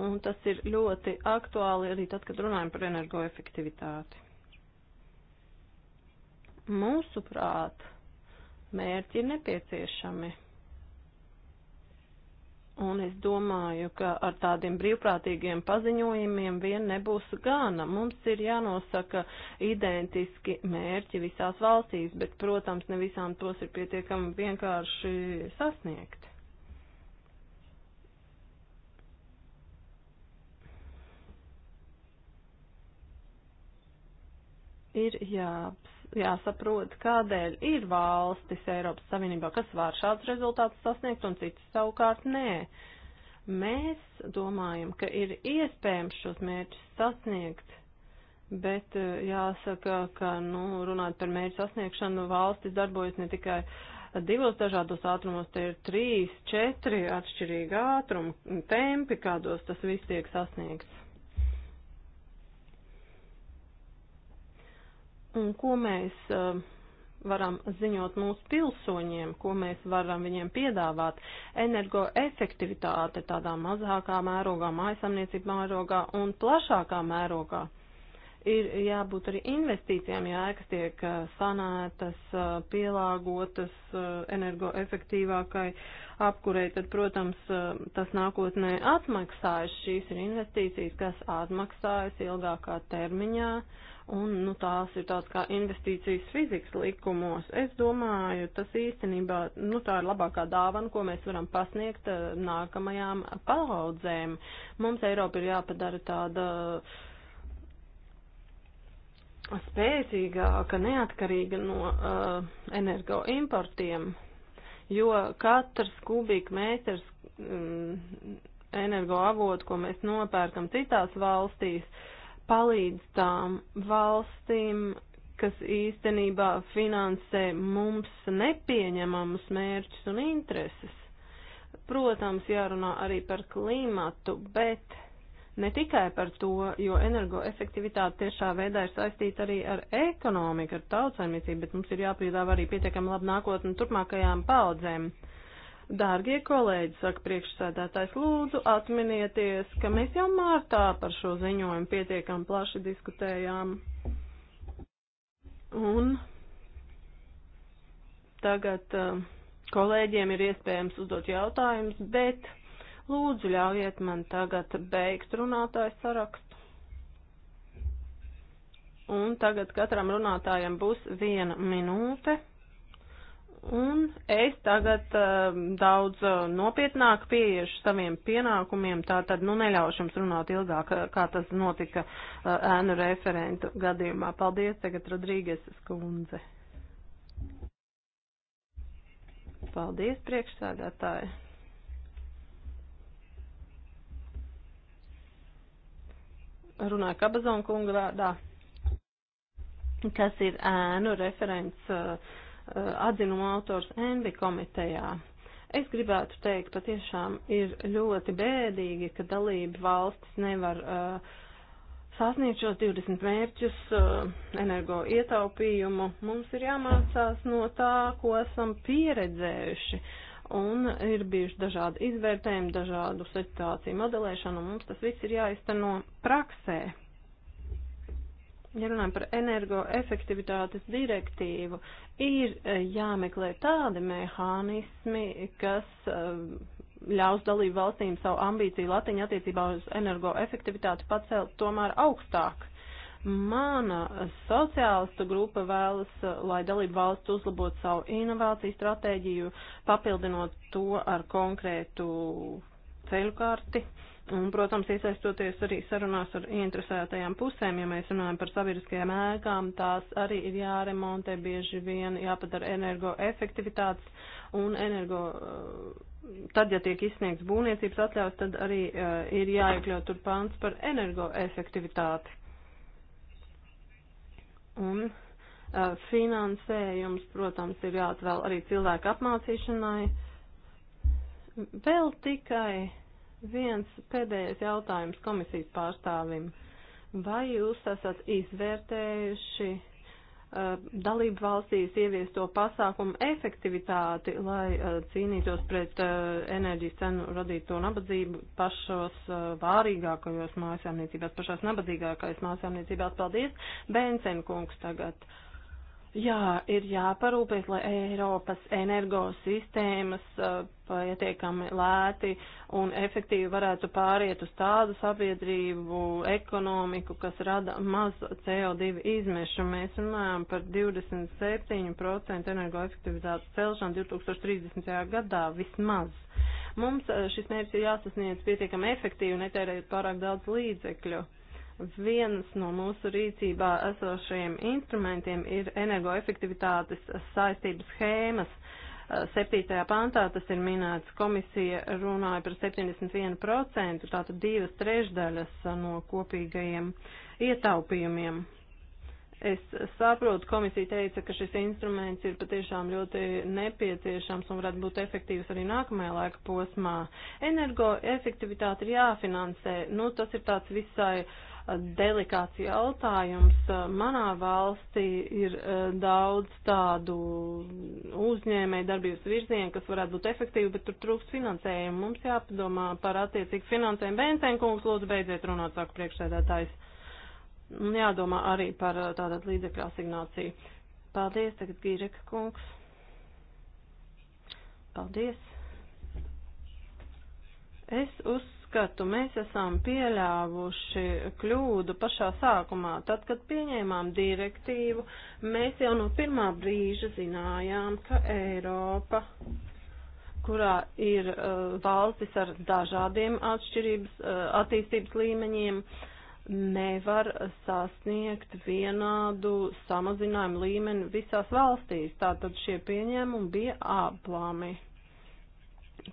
un tas ir ļoti aktuāli arī tad, kad runājam par energoefektivitāti. Mūsuprāt, mērķi ir nepieciešami Un es domāju, ka ar tādiem brīvprātīgiem paziņojumiem vien nebūs gana. Mums ir jānosaka identiski mērķi visās valstīs, bet, protams, ne visām tos ir pietiekami vienkārši sasniegt. Ir jāapsver jāsaprot, kādēļ ir valstis Eiropas Savienībā, kas var šāds rezultāts sasniegt un citas savukārt nē. Mēs domājam, ka ir iespējams šos mērķus sasniegt, Bet eh, jāsaka, ka nu, runāt par mērķu sasniegšanu valstis darbojas ne tikai divos dažādos ātrumos, te ir trīs, četri atšķirīgi ātrumi, tempi, kādos tas viss tiek sasniegts. un ko mēs uh, varam ziņot mūsu pilsoņiem, ko mēs varam viņiem piedāvāt. Energoefektivitāte tādā mazākā mērogā, mājasamniecība mērogā un plašākā mērogā. Ir jābūt arī investīcijām, ja ēkas tiek eh, sanētas, eh, pielāgotas energoefektīvākai apkurei, tad, protams, tas nākotnē atmaksājas. Šīs ir investīcijas, kas atmaksājas ilgākā termiņā. Uh, un nu, tās ir tāds kā investīcijas fizikas likumos. Es domāju, tas īstenībā nu, tā ir labākā dāvana, ko mēs varam pasniegt eh, nākamajām paudzēm. Mums Eiropa ir jāpadara tāda spēcīgāka, neatkarīga no uh, energoimportiem, jo katrs kubikmetrs um, energoavotu, ko mēs nopērkam citās valstīs, uh, palīdz tām valstīm, kas īstenībā finansē mums nepieņemamus mērķus un intereses. Protams, jārunā arī par klimatu, bet ne tikai par to, jo energoefektivitāte tiešā veidā ir saistīta arī ar ekonomiku, ar tautsaimniecību, bet mums ir jāpiedāvā arī pietiekami labi nākotni turpmākajām paudzēm. Uh, Dārgie kolēģi, saka priekšsēdētājs, lūdzu atminieties, ka mēs jau mārtā par šo ziņojumu pietiekam plaši diskutējām. Un tagad uh, kolēģiem ir iespējams uzdot jautājumus, bet lūdzu ļaujiet man tagad beigt runātāju sarakstu. Un tagad katram runātājam būs viena minūte. Un es tagad uh, daudz uh, nopietnāk pieiešu saviem pienākumiem, tā tad nu neļaušu jums runāt ilgāk, uh, kā tas notika uh, ēnu referentu gadījumā. Paldies, tagad Rodrīgas skundze. Paldies, priekšsēdētāji. Runāju Kabazonkunga vārdā, kas ir ēnu referents. Uh, atzinuma autors Envi komitejā. Es gribētu teikt, patiešām ir ļoti bēdīgi, ka dalība valstis nevar uh, sasniegt šos 20 mērķus, uh, energo ietaupījumu. Mums ir jāmācās no tā, ko esam pieredzējuši. Un ir bijuši dažādi izvērtējumi, dažādu situāciju modelēšanu, un mums tas viss ir jāizteno praksē ja runājam par energoefektivitātes direktīvu, ir e, jāmeklē tādi mehānismi, kas e, ļaus dalību valstīm savu ambīciju latiņu attiecībā uz energoefektivitāti pacelt tomēr augstāk. Mana sociālistu grupa vēlas, e, lai dalību valsts uzlabot savu inovāciju stratēģiju, papildinot to ar konkrētu ceļu karti. Uh, Un, protams, iesaistoties arī sarunās ar interesētajām pusēm, ja mēs runājam par sabiedriskajām ēkām, tās arī ir jāremontē bieži vien, jāpadara energoefektivitātes un energo. Eh, tad, ja tiek izsniegts būvniecības atļaus, tad arī uh, ir jāiekļaut tur pants par energoefektivitāti. Un uh, finansējums, protams, ir jāatvēl arī cilvēku apmācīšanai. Vēl tikai Viens pēdējais jautājums komisijas pārstāvim. Vai jūs esat izvērtējuši uh, dalību valstīs ieviesto pasākumu efektivitāti, lai uh, cīnītos pret uh, enerģijas cenu radīto nabadzību pašos vārīgākajos mājasēmniecībās, pašās nabadzīgākajās mājasēmniecībās? Paldies, Bensenkungs tagad. Uh, Jā, ir jāparūpēs, lai Eiropas energosistēmas pietiekami lēti un efektīvi varētu pāriet uz tādu sabiedrību, ekonomiku, kas rada maz CO2 izmešu. Mēs runājam par 27% energoefektivitātes celšanu 2030. gadā vismaz. Mums šis mērķis ir jāsasniedz pietiekami efektīvi, netērējot pārāk daudz līdzekļu. Viens no mūsu rīcībā esošajiem instrumentiem ir energoefektivitātes saistības schēmas. 7. Eh, pantā tas ir minēts, komisija runāja par 71%, tātad divas trešdaļas no kopīgajiem ietaupījumiem. Es saprotu, komisija teica, ka šis instruments ir patiešām ļoti nepieciešams un varētu būt efektīvs arī nākamajā laika posmā. Energoefektivitāte ir jāfinansē, nu tas ir tāds visai uh, delikāts jautājums. Manā valstī ir e, daudz tādu uzņēmēju darbības virzienu, kas varētu būt efektīvi, bet tur trūkst finansējumu. Mums jāpadomā par attiecīgu finansējumu. Bēnsenkungs, lūdzu, beidziet runāt, saka priekšsēdētājs. Un jādomā arī par e, tātad līdzekļu asignāciju. Paldies, tagad Gīreka kungs. Paldies. Es uz uzskatu, mēs esam pieļāvuši kļūdu pašā sākumā. Tad, kad pieņēmām direktīvu, mēs jau no pirmā brīža zinājām, ka Eiropa, kurā ir uh, valstis ar dažādiem atšķirības, uh, attīstības līmeņiem, uh, nevar sasniegt vienādu samazinājumu līmeni visās valstīs. Tātad šie pieņēmumi bija aplami.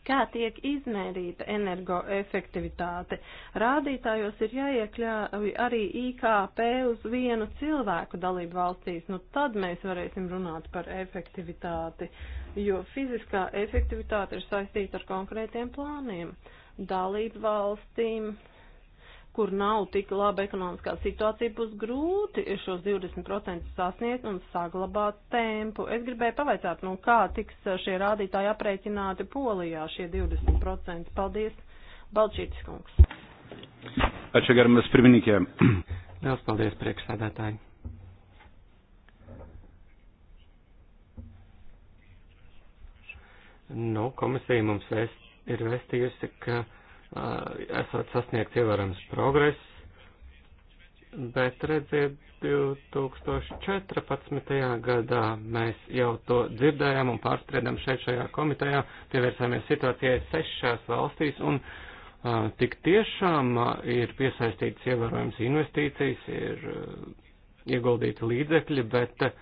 Kā tiek izmērīta energoefektivitāte? Rādītājos ir jāiekļauj arī IKP uz vienu cilvēku dalību valstīs, nu tad mēs varēsim runāt par efektivitāti, jo fiziskā efektivitāte ir saistīta ar konkrētiem plāniem. Dalību valstīm kur nav tik laba ekonomiskā situācija, būs grūti šos 20% sasniegt un saglabāt tempu. Es gribēju pavaicāt, nu kā tiks šie rādītāji aprēķināti Polijā, šie 20%. Paldies, Balčītis kungs. Ačiū, garamas pirmininkē. Liels paldies, priekšsādātāji. Nu, komisija mums vēst, ir vēstījusi, ka esot sasniegts ievērams progress, bet redziet, 2014. gadā mēs jau to dzirdējām un pārspriedām šeit šajā komitejā, pievērsāmies situācijai sešās valstīs un uh, tik tiešām uh, ir piesaistīts ievērojams investīcijas, ir uh, ieguldīti līdzekļi, bet uh,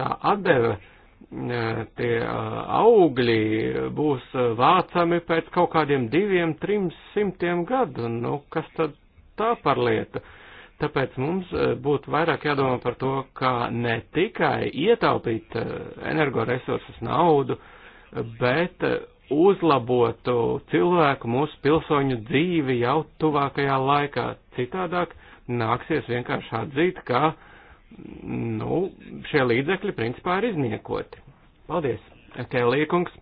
tā atdeve uh, tie augļi būs vācami pēc kaut kādiem diviem, trim simtiem gadu. Nu, kas tad tā par lietu? Tāpēc mums būtu vairāk jādomā par to, kā ne tikai ietaupīt energoresursus naudu, bet uzlabotu cilvēku, mūsu pilsoņu dzīvi jau tuvākajā laikā. Citādāk nāksies vienkārši atzīt, ka uh, nu, šie līdzekļi principā ir izniekoti. Paldies, Kēlīkungs.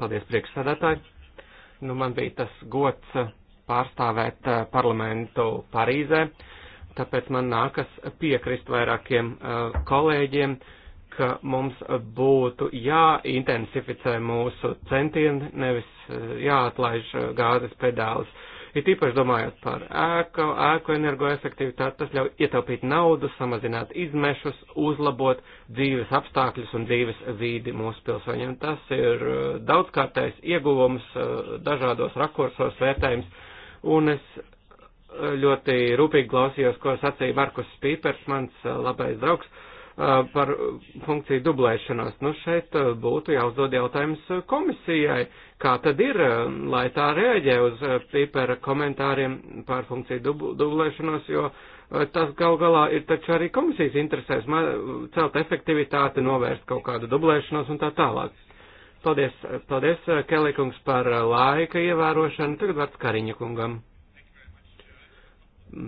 Paldies, priekšsēdētāji. Nu, man bija tas gods eh, pārstāvēt eh, parlamentu Parīzē, tāpēc man nākas piekrist vairākiem eh, kolēģiem, ka mums būtu jāintensificē mūsu centieni, nevis jāatlaiž gāzes pedālis Ir tīpaši domājot par ēku, ēku energoefektivitāti, tas ļauj ietaupīt naudu, samazināt izmešus, uzlabot dzīves apstākļus un dzīves vīdi mūsu pilsoņiem. Tas ir uh, daudzkārtais ieguvums, uh, dažādos rakursos vērtējums, un es uh, ļoti rūpīgi klausījos, ko sacīja Markus Pīpers, mans labais draugs par funkciju dublēšanos. Nu, šeit būtu jāuzdod jautājums komisijai, kā tad ir, lai tā reaģē uz pīpera komentāriem par funkciju dublēšanos, jo tas gal galā ir taču arī komisijas interesēs celt efektivitāti, novērst kaut kādu dublēšanos un tā tālāk. Paldies, paldies Kelikungs par laika ievērošanu. Tagad vārds Kariņa kungam.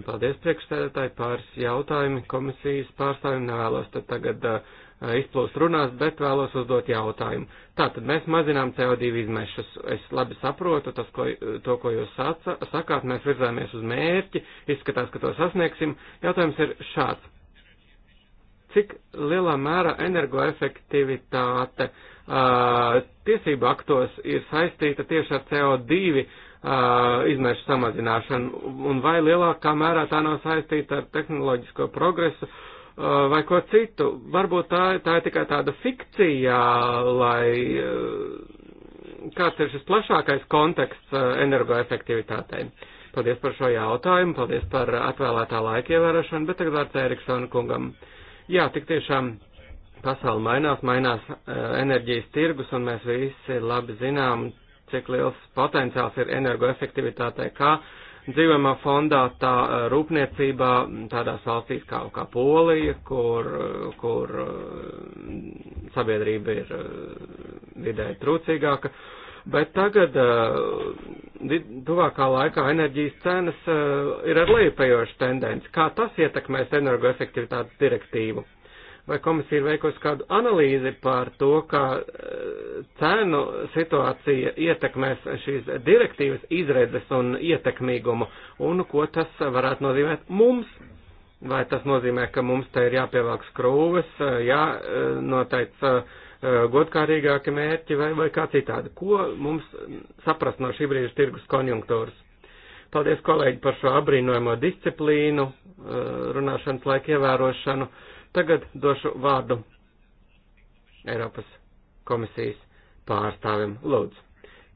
Paldies priekšsēdētāji, pāris jautājumi komisijas pārstāvjiem nevēlos tad tagad uh, izplūst runās, bet vēlos uzdot jautājumu. Tātad mēs mazinām CO2 izmešus. Es labi saprotu tas, ko, to, ko jūs saca, sakāt, mēs virzāmies uz mērķi, izskatās, ka to sasniegsim. Jautājums ir šāds. Cik lielā mērā energoefektivitāte uh, tiesību aktos ir saistīta tieši ar CO2 uh, izmešu samazināšanu, un vai lielākā mērā tā nav saistīta ar tehnoloģisko progresu vai ko citu. Varbūt tā, tā ir tikai tāda fikcija, lai kāds ir šis plašākais konteksts energoefektivitātei. Paldies par šo jautājumu, paldies par atvēlētā laika ievērošanu, bet tagad vārds Eriksona kungam. Jā, tik tiešām pasauli mainās, mainās enerģijas tirgus, un mēs visi labi zinām cik liels potenciāls ir energoefektivitātei, kā dzīvojamā fondā, tā eh, rūpniecībā, tādās valstīs kā, kā Polija, kur, eh, kur eh, sabiedrība ir vidēji trūcīgāka. Bet tagad, tuvākā laikā, enerģijas cenas ir ar lejupējošu tendenci. Kā tas ietekmēs energoefektivitātes direktīvu? vai komisija ir veikusi kādu analīzi par to, kā eh, cēnu situācija ietekmēs šīs direktīvas izredzes un ietekmīgumu, un ko tas varētu nozīmēt mums. Vai tas nozīmē, ka mums te ir jāpievelk skrūves, eh, jā, eh, noteic godkārīgāki mērķi vai, vai kā citādi? Ko mums saprast no šī brīža tirgus konjunktūras? Paldies, kolēģi, par šo apbrīnojamo disciplīnu, runāšanas laika ievērošanu. Uh, Tagad došu vārdu Eiropas komisijas pārstāvim Lūdzu.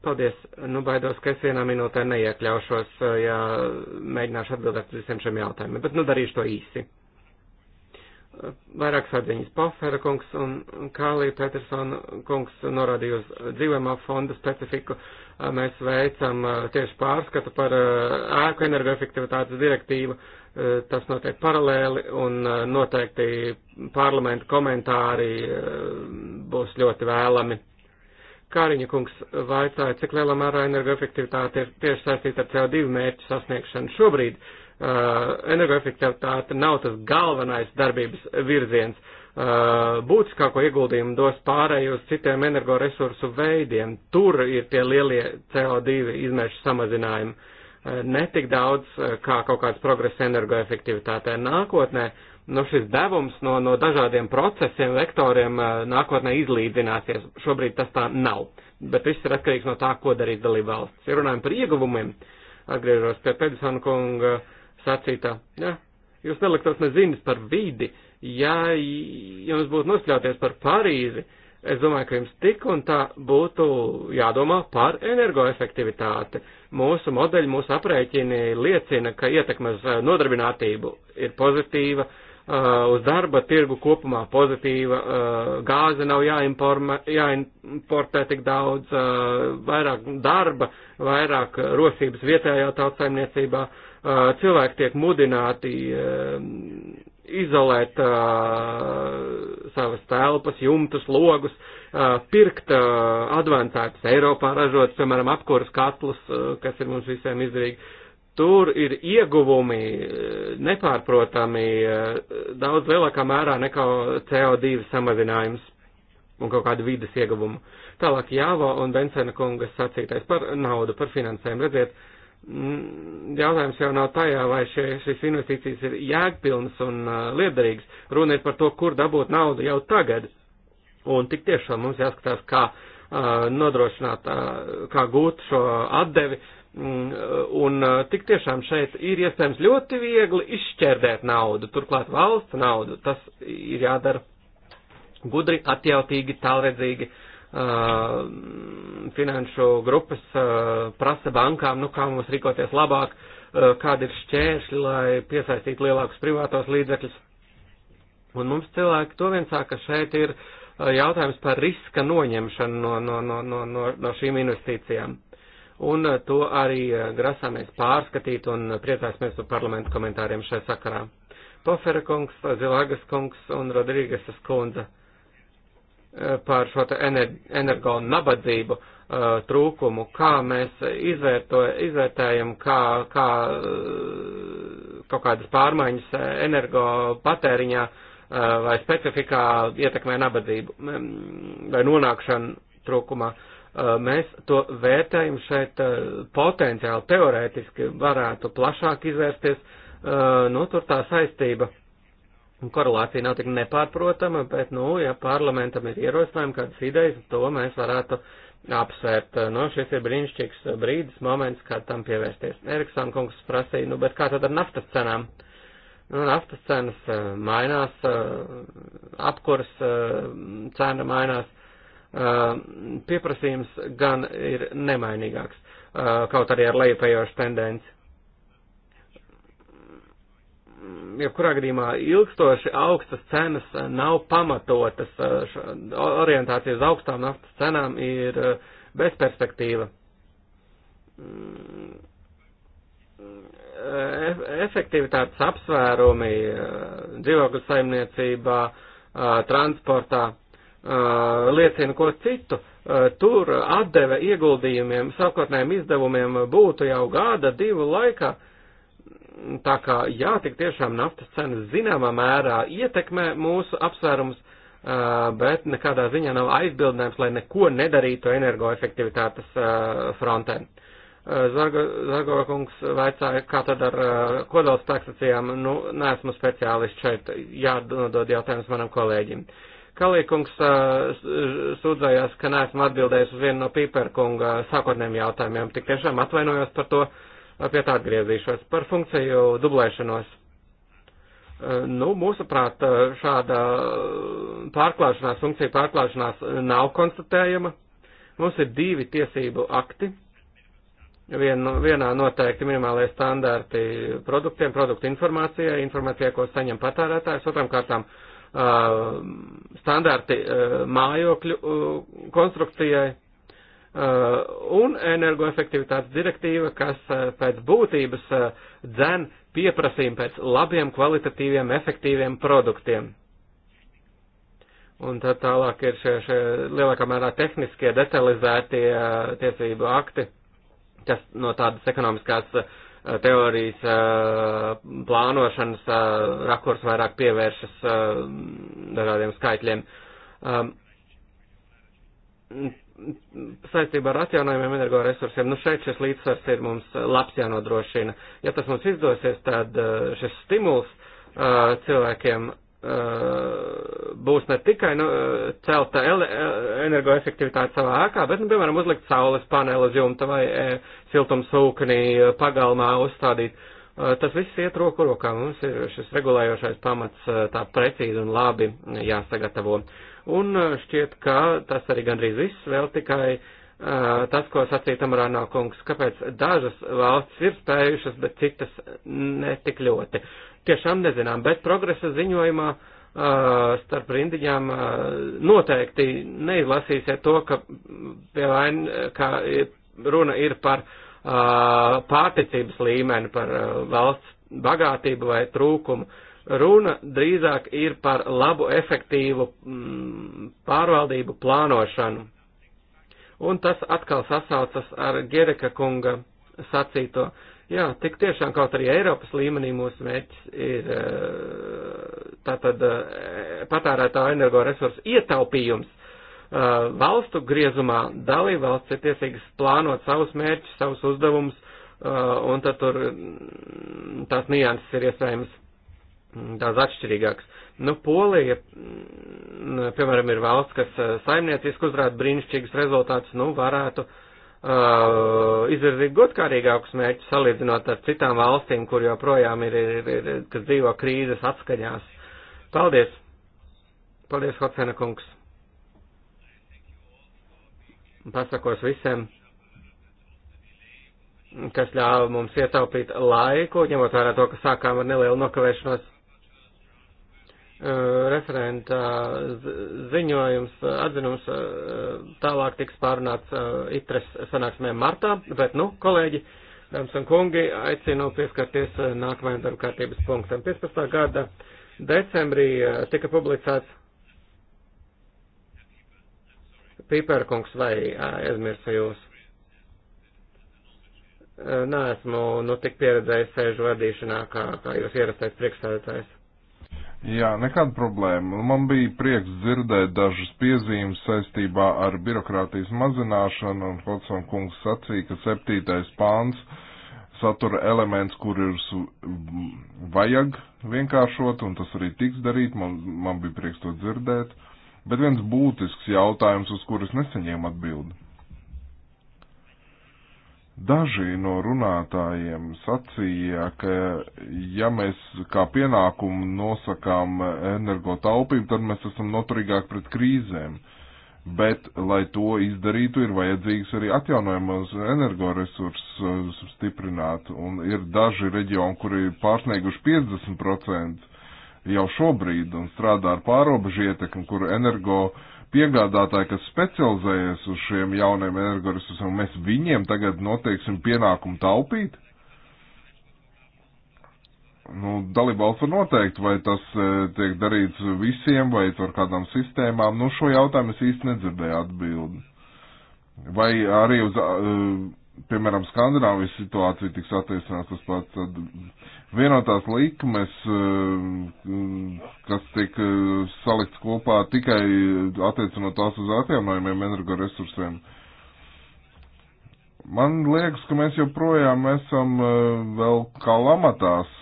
Paldies. Nu, baidos, ka es vienā minūtē neiekļaušos, ja mēģināšu atbildēt uz visiem šiem jautājumiem, bet nu darīšu to īsi. Vairākas atziņas Pofera kungs un Kālija Petersona kungs norādīja uz dzīvojumā fonda specifiku. Mēs veicam uh, tieši pārskatu par uh, ēku energoefektivitātes direktīvu. Uh, Eh, tas notiek paralēli un eh, noteikti parlamenta komentāri eh, būs ļoti vēlami. Kāriņa kungs vaicāja, cik lielā mērā energoefektivitāte ir tieši saistīta ar CO2 mērķu sasniegšanu. Šobrīd uh, energoefektivitāte nav tas galvenais darbības virziens. Uh, būtiskāko ieguldījumu dos pārēj uz citiem energoresursu veidiem. Tur ir tie lielie CO2 izmešu samazinājumi. Uh, netik daudz eh, kā kaut kāds progress energoefektivitātē nākotnē. Nu, šis devums no, no dažādiem procesiem, vektoriem eh, nākotnē izlīdzināsies. Šobrīd tas tā nav, bet viss ir atkarīgs no tā, ko darīs dalība valsts. Ja runājam par ieguvumiem, atgriežos pie Pedersona kunga sacītā, ja, jūs neliktos nezinis par vidi, ja jums būtu nospļauties par Parīzi, es domāju, ka jums tik un tā būtu jādomā par energoefektivitāti. Uh, mūsu modeļi, mūsu aprēķini liecina, ka ietekmes eh, nodarbinātību ir pozitīva, eh, uz darba tirgu kopumā pozitīva, eh, gāze nav jāimportē tik daudz, vairāk darba, vairāk rosības vietējā tautsaimniecībā, cilvēki tiek mudināti izolēt savas telpas, jumtus, logus, uh, pirkt advancētas Eiropā ražotas, piemēram, apkuras katlus, kas ir mums visiem izdevīgi. Tur ir ieguvumi nepārprotami daudz lielākā mērā nekā CO2 samazinājums un kaut kādu vidas ieguvumu. Tālāk Jāva un Bensena kungas sacītais par naudu, par finansēm. Redziet, jautājums jau nav tajā, vai šie, šīs investīcijas ir jēgpilnas un liederīgas. Runa ir par to, kur dabūt naudu jau tagad Un tik tiešām mums jāskatās, kā uh, nodrošināt, uh, kā gūt šo atdevi. Mm, un, un tik tiešām šeit ir iespējams ļoti viegli izšķērdēt naudu, turklāt valsts naudu. Tas ir jādara gudri, atjautīgi, tālredzīgi. Uh, finanšu grupas uh, prasa bankām, nu kā mums rīkoties labāk, uh, kādi ir šķēršļi, lai piesaistītu lielākus privātos līdzekļus. Un mums cilvēki to vien saka, šeit ir uh, Eh, jautājums par riska noņemšanu no, no, no, no, no, no šīm investīcijām. Un eh, to arī eh, grasāmies pārskatīt un priecāsimies par parlamentu komentāriem šai sakarā. Pofera kungs, Zilāgas kungs un Rodrīgasas kundze par šo energo nabadzību trūkumu, kā mēs izvērto, izvērtējam, kā, kā kaut kādas pārmaiņas energo patēriņā uh, vai specifikā ietekmē nabadzību vai nonākšanu trūkumā. Mēs to vērtējam šeit potenciāli, teorētiski varētu plašāk izvērsties, nu, tur tā saistība korelācija nav tik nepārprotama, bet, nu, ja parlamentam ir ierosinājumi kādas idejas, to mēs varētu apsvērt. Nu, šis ir brīnišķīgs brīdis, moments, kad tam pievērsties. Eriksona kungs prasīja, nu, bet kā tad ar naftas cenām? Uh, Nu, naftas cenas eh, mainās, eh, apkurs eh, cena mainās, pieprasījums gan ir nemainīgāks, kaut arī ar lejupējošu tendenci. Jebkurā gadījumā ilgstoši augstas cenas nav pamatotas, orientācija uz augstām naftas cenām ir bezperspektīva mm efektivitātes apsvērumi eh, dzīvokļu saimniecībā, eh, transportā eh, liecina ko citu. Tur atdeve ieguldījumiem, sākotnējiem izdevumiem būtu jau gada, divu laikā. Tā kā jā, tik tiešām naftas cenas zināmā mērā ietekmē mūsu apsvērums, bet nekādā ziņā nav aizbildinājums, lai neko nedarītu energoefektivitātes frontē. Uh, Zago kungs vaicāja, kā tad ar eh, kodols taksacijām. Nu, neesmu speciālists šeit, jādod jautājums manam kolēģim. Kalīkungs eh, sūdzējās, ka neesmu atbildējis uz vienu no pīperkunga sākotnēm jautājumiem. Tik tiešām atvainojos par to, eh, pie tā atgriezīšos. Par funkciju dublēšanos. Nu, mūsuprāt, šāda pārklāšanās, funkcija pārklāšanās nav konstatējama. Mums ir divi tiesību akti vien, vienā noteikti minimālajie standarti produktiem, produktu informācijai, informācijai, ko saņem patērētājs, otram kārtām standarti mājokļu konstrukcijai un energoefektivitātes direktīva, kas pēc būtības dzen pieprasījumu pēc labiem, kvalitatīviem, efektīviem produktiem. Un tad tālāk ir šie, šie lielākā mērā tehniskie, detalizētie tiesību akti kas no tādas ekonomiskās eh, teorijas eh, plānošanas eh, rakurs vairāk pievēršas dažādiem skaitļiem. Ehm, saistībā ar atjaunojumiem energoresursiem, nu šeit šis līdzsvars ir mums labs jānodrošina. Ja tas mums izdosies, tad šis stimuls cilvēkiem Uh, būs ne tikai nu, uh, celta uh, energoefektivitāte savā ēkā, bet, nu, piemēram, uzlikt saules paneli uz jumta vai e, siltumsūknī pagalmā uzstādīt. Tas viss iet roku rokā. Mums ir šis regulējošais pamats tā precīzi un labi jāsagatavo. Un šķiet, ka tas arī gandrīz viss vēl tikai tas, ko sacīja Tamarānā kungs, kāpēc dažas valsts ir spējušas, bet citas netik ļoti tiešām nezinām, bet progresa ziņojumā uh, starp rindiņām uh, noteikti neizlasīsiet to, ka, pievain, ka runa ir par uh, pārticības līmeni, par uh, valsts bagātību vai trūkumu. Runa drīzāk ir par labu, efektīvu mm, pārvaldību plānošanu. Un tas atkal sasaucas ar Gereka kunga sacīto. Uh, Jā, tik tiešām kaut arī Eiropas līmenī mūsu mērķis ir eh, tātad eh, patērētā energoresursu ietaupījums. Eh, valstu griezumā dalība valsts ir tiesīgas plānot savus mērķus, savus uzdevumus, un tad tur mm, tās nianses ir iespējams mm, daudz atšķirīgākas. Nu, Polija, mm, piemēram, ir valsts, kas saimnieciski uzrāda brīnišķīgus rezultātus, nu, varētu uh, uh, izvirzīt godkārīgākus mērķus salīdzinot ar citām valstīm, kur joprojām ir, ir, ir kas dzīvo krīzes atskaņās. Paldies! Paldies, Hocena kungs! Pasakos visiem, kas ļāva mums ietaupīt laiku, ņemot vērā to, ka sākām ar nelielu nokavēšanos referenta ziņojums, atzinums tālāk tiks pārunāts itres sanāksmē martā, bet, nu, kolēģi, dāmas un kungi, aicinu pieskarties nākamajam darba kārtības punktam. 15. gada decembrī tika publicēts Pīpērkungs vai aizmirsu jūs. Nē, esmu nu tik pieredzējis sēžu vadīšanā, kā, kā jūs ierastais priekšstādātājs. Jā, nekāda problēma. Nu, man bija prieks dzirdēt dažas piezīmes saistībā ar birokrātijas mazināšanu, un Hodson kungs sacīja, ka septītais pāns satura elements, kur ir vajag vienkāršot, un tas arī tiks darīt, man, man bija prieks to dzirdēt. Bet viens būtisks jautājums, uz kuras nesaņēmu atbildi. Daži no runātājiem sacīja, ka ja mēs kā pienākumu nosakām energotaupību, tad mēs esam noturīgāk pret krīzēm. Bet, lai to izdarītu, ir vajadzīgs arī atjaunojamos energoresursus stiprināt, un ir daži reģioni, kuri ir pārsnieguši 50% jau šobrīd un strādā ar pārobežu ietekmi, kur energo uh, piegādātāji, kas specializējas uz šiem jauniem energoresursiem, mēs viņiem tagad noteiksim pienākumu taupīt? Nu, dalībvalsts var noteikt, vai tas e, tiek darīts visiem vai ar kādām sistēmām. Nu, šo jautājumu es īsti nedzirdēju atbildi. Vai arī uz uh, piemēram, Skandināvijas situācija tiks attīstīts tas pats, tad vienotās likmes, eh, kas tiek eh, salikts kopā tikai attiecinot tās uz atjaunojumiem energoresursiem. Man liekas, ka mēs joprojām esam eh, vēl kā lamatās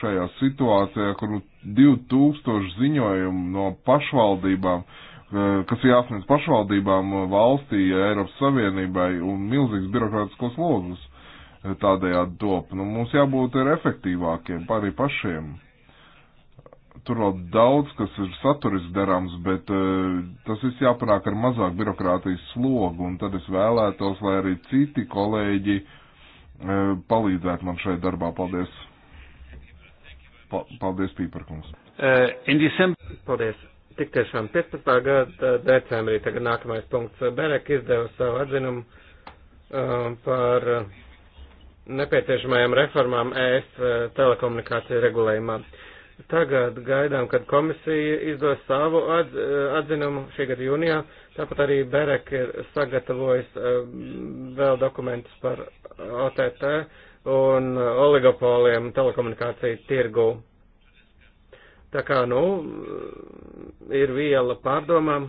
šajā situācijā, kur 2000 nu, ziņojumu no pašvaldībām uh, Eh, kas ir jāsniedz pašvaldībām, eh, valstī, eh, Eiropas Savienībai un milzīgs birokrātiskos lodzus tādējādi top. Nu, mums jābūt ir efektīvākiem arī pašiem. Tur vēl daudz, kas ir saturis derams, bet uh, tas viss jāpanāk ar mazāk birokrātijas slogu, un tad es vēlētos, lai arī citi kolēģi uh, palīdzētu man šai darbā. Paldies! Pa paldies, Pīperkungs! Uh, Paldies! tik tiešām 15. gada decembrī, tagad nākamais punkts, Berek izdeva savu atzinumu um, par uh, nepieciešamajām reformām ES uh, telekomunikāciju regulējumā. Tagad gaidām, kad komisija izdos savu atz, uh, atzinumu šī gada jūnijā, tāpat arī Berek ir sagatavojis um, vēl dokumentus par OTT un oligopoliem telekomunikāciju tirgu Tā kā, nu, ir viela pārdomām.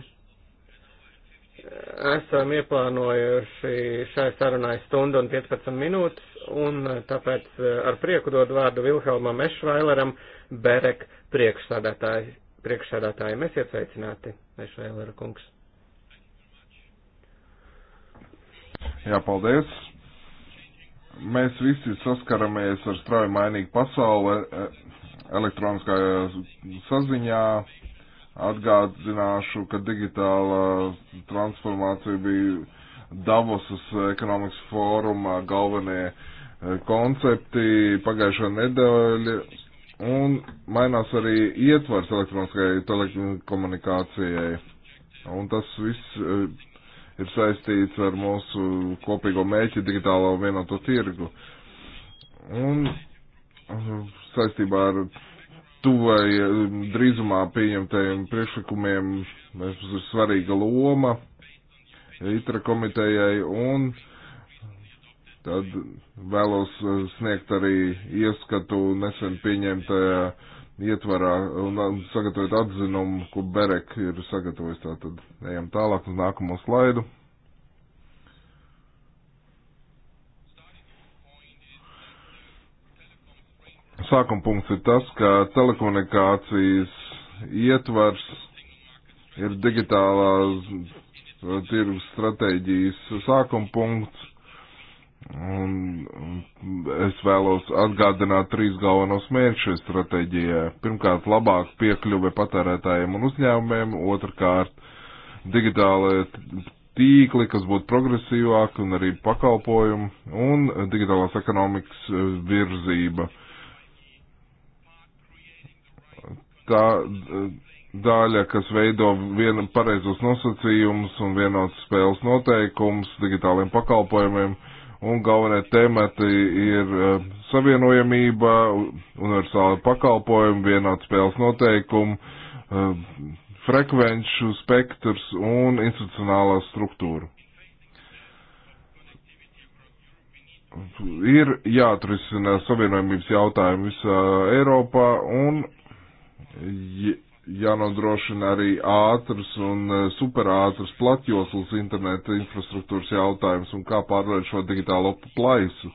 Esam ieplānojuši šai sarunai stundu un 15 minūtes, un tāpēc eh, ar prieku dod vārdu Vilhelmam Ešvaileram, Berek priekšsādātāji. priekšsādātāji. Mēs iesveicināti, Ešvailera kungs. Jā, paldies mēs visi saskaramies ar strauji mainīgu pasauli, eh, elektroniskā eh, saziņā. Atgādināšu, ka digitāla transformācija bija Davosas ekonomikas fóruma galvenie eh, koncepti pagājušā nedēļa. Un mainās arī ietvars elektroniskajai telekomunikācijai. Un tas viss eh, ir saistīts ar mūsu kopīgo mēķi digitālo vienoto tirgu. Un saistībā ar tuvai um, drīzumā pieņemtajiem priekšlikumiem mums ir svarīga loma itra komitejai un tad vēlos uh, sniegt arī ieskatu nesen pieņemtajā ietvarā un sagatavot atzinumu, ko Berek ir sagatavojis. Tātad ejam tālāk uz nākamo slaidu. Sākuma punkts ir tas, ka telekomunikācijas ietvars ir digitālā tirgus stratēģijas sākuma punkts. Un es vēlos atgādināt trīs galvenos mērķus šajā stratēģijā. Pirmkārt, labāk piekļuve patērētājiem un uzņēmumiem, otrkārt, digitāla tīkli, kas būtu progresīvāk un arī pakalpojumi un digitālās ekonomikas virzība. Uh, tā eh, daļa, kas veido vienu pareizos nosacījumus un vienotas spēles noteikumus digitāliem pakalpojumiem, un galvenie temati ir eh, savienojamība, universāla pakalpojuma, vienotas spēles noteikumi, eh, frekvenču spektrs un institucionālā struktūra. ir jāatrisina savienojumības jautājumi visā Eiropā, un jānodrošina arī ātrs un e, superātrs platjoslas interneta infrastruktūras jautājums un kā pārvarēt šo digitālo plaisu.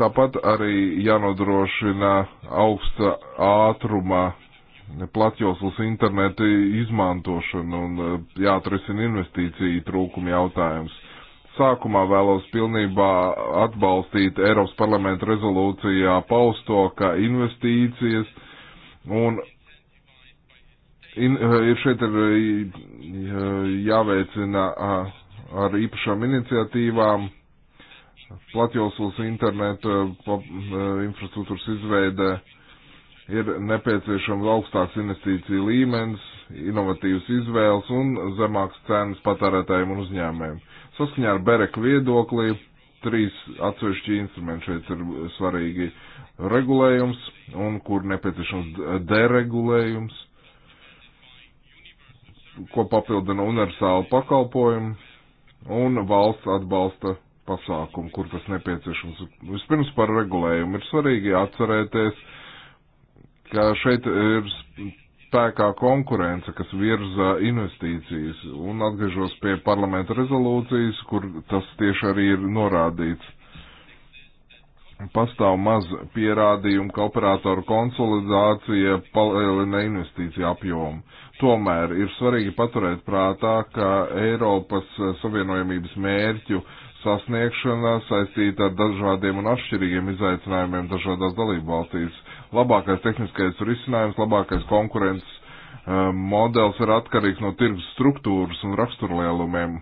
Tāpat arī jānodrošina augsta ātruma platjoslas interneta izmantošana un e, jāatrisina investīciju trūkuma jautājums. Sākumā vēlos pilnībā atbalstīt Eiropas parlamenta rezolūcijā pausto, ka investīcijas Un in, eh, šeit ir eh, jāveicina eh, ar īpašām iniciatīvām platjoslas interneta infrastruktūras izveide ir nepieciešams augstāks investīciju līmenis, inovatīvas izvēles un zemāks cenas patērētājiem un uzņēmējiem. Saskaņā ar Bereku viedokli trīs atsevišķi instrumenti šeit ir svarīgi regulējums, un kur nepieciešams deregulējums, ko papildina universāla pakalpojuma un valsts atbalsta pasākumu, kur tas nepieciešams. Vispirms par regulējumu ir svarīgi atcerēties, ka šeit ir spēkā konkurence, kas virza investīcijas, un atgriežos pie parlamenta rezolūcijas, kur tas tieši arī ir norādīts pastāv maz pierādījumu, ka operātoru konsolidācija palielina investīciju apjomu. Tomēr ir svarīgi paturēt prātā, ka Eiropas Savienojamības mērķu sasniegšana saistīta ar dažādiem un atšķirīgiem izaicinājumiem dažādās dalību valstīs. Labākais tehniskais risinājums, labākais konkurences eh, modelis ir atkarīgs no tirgus struktūras un raksturlielumiem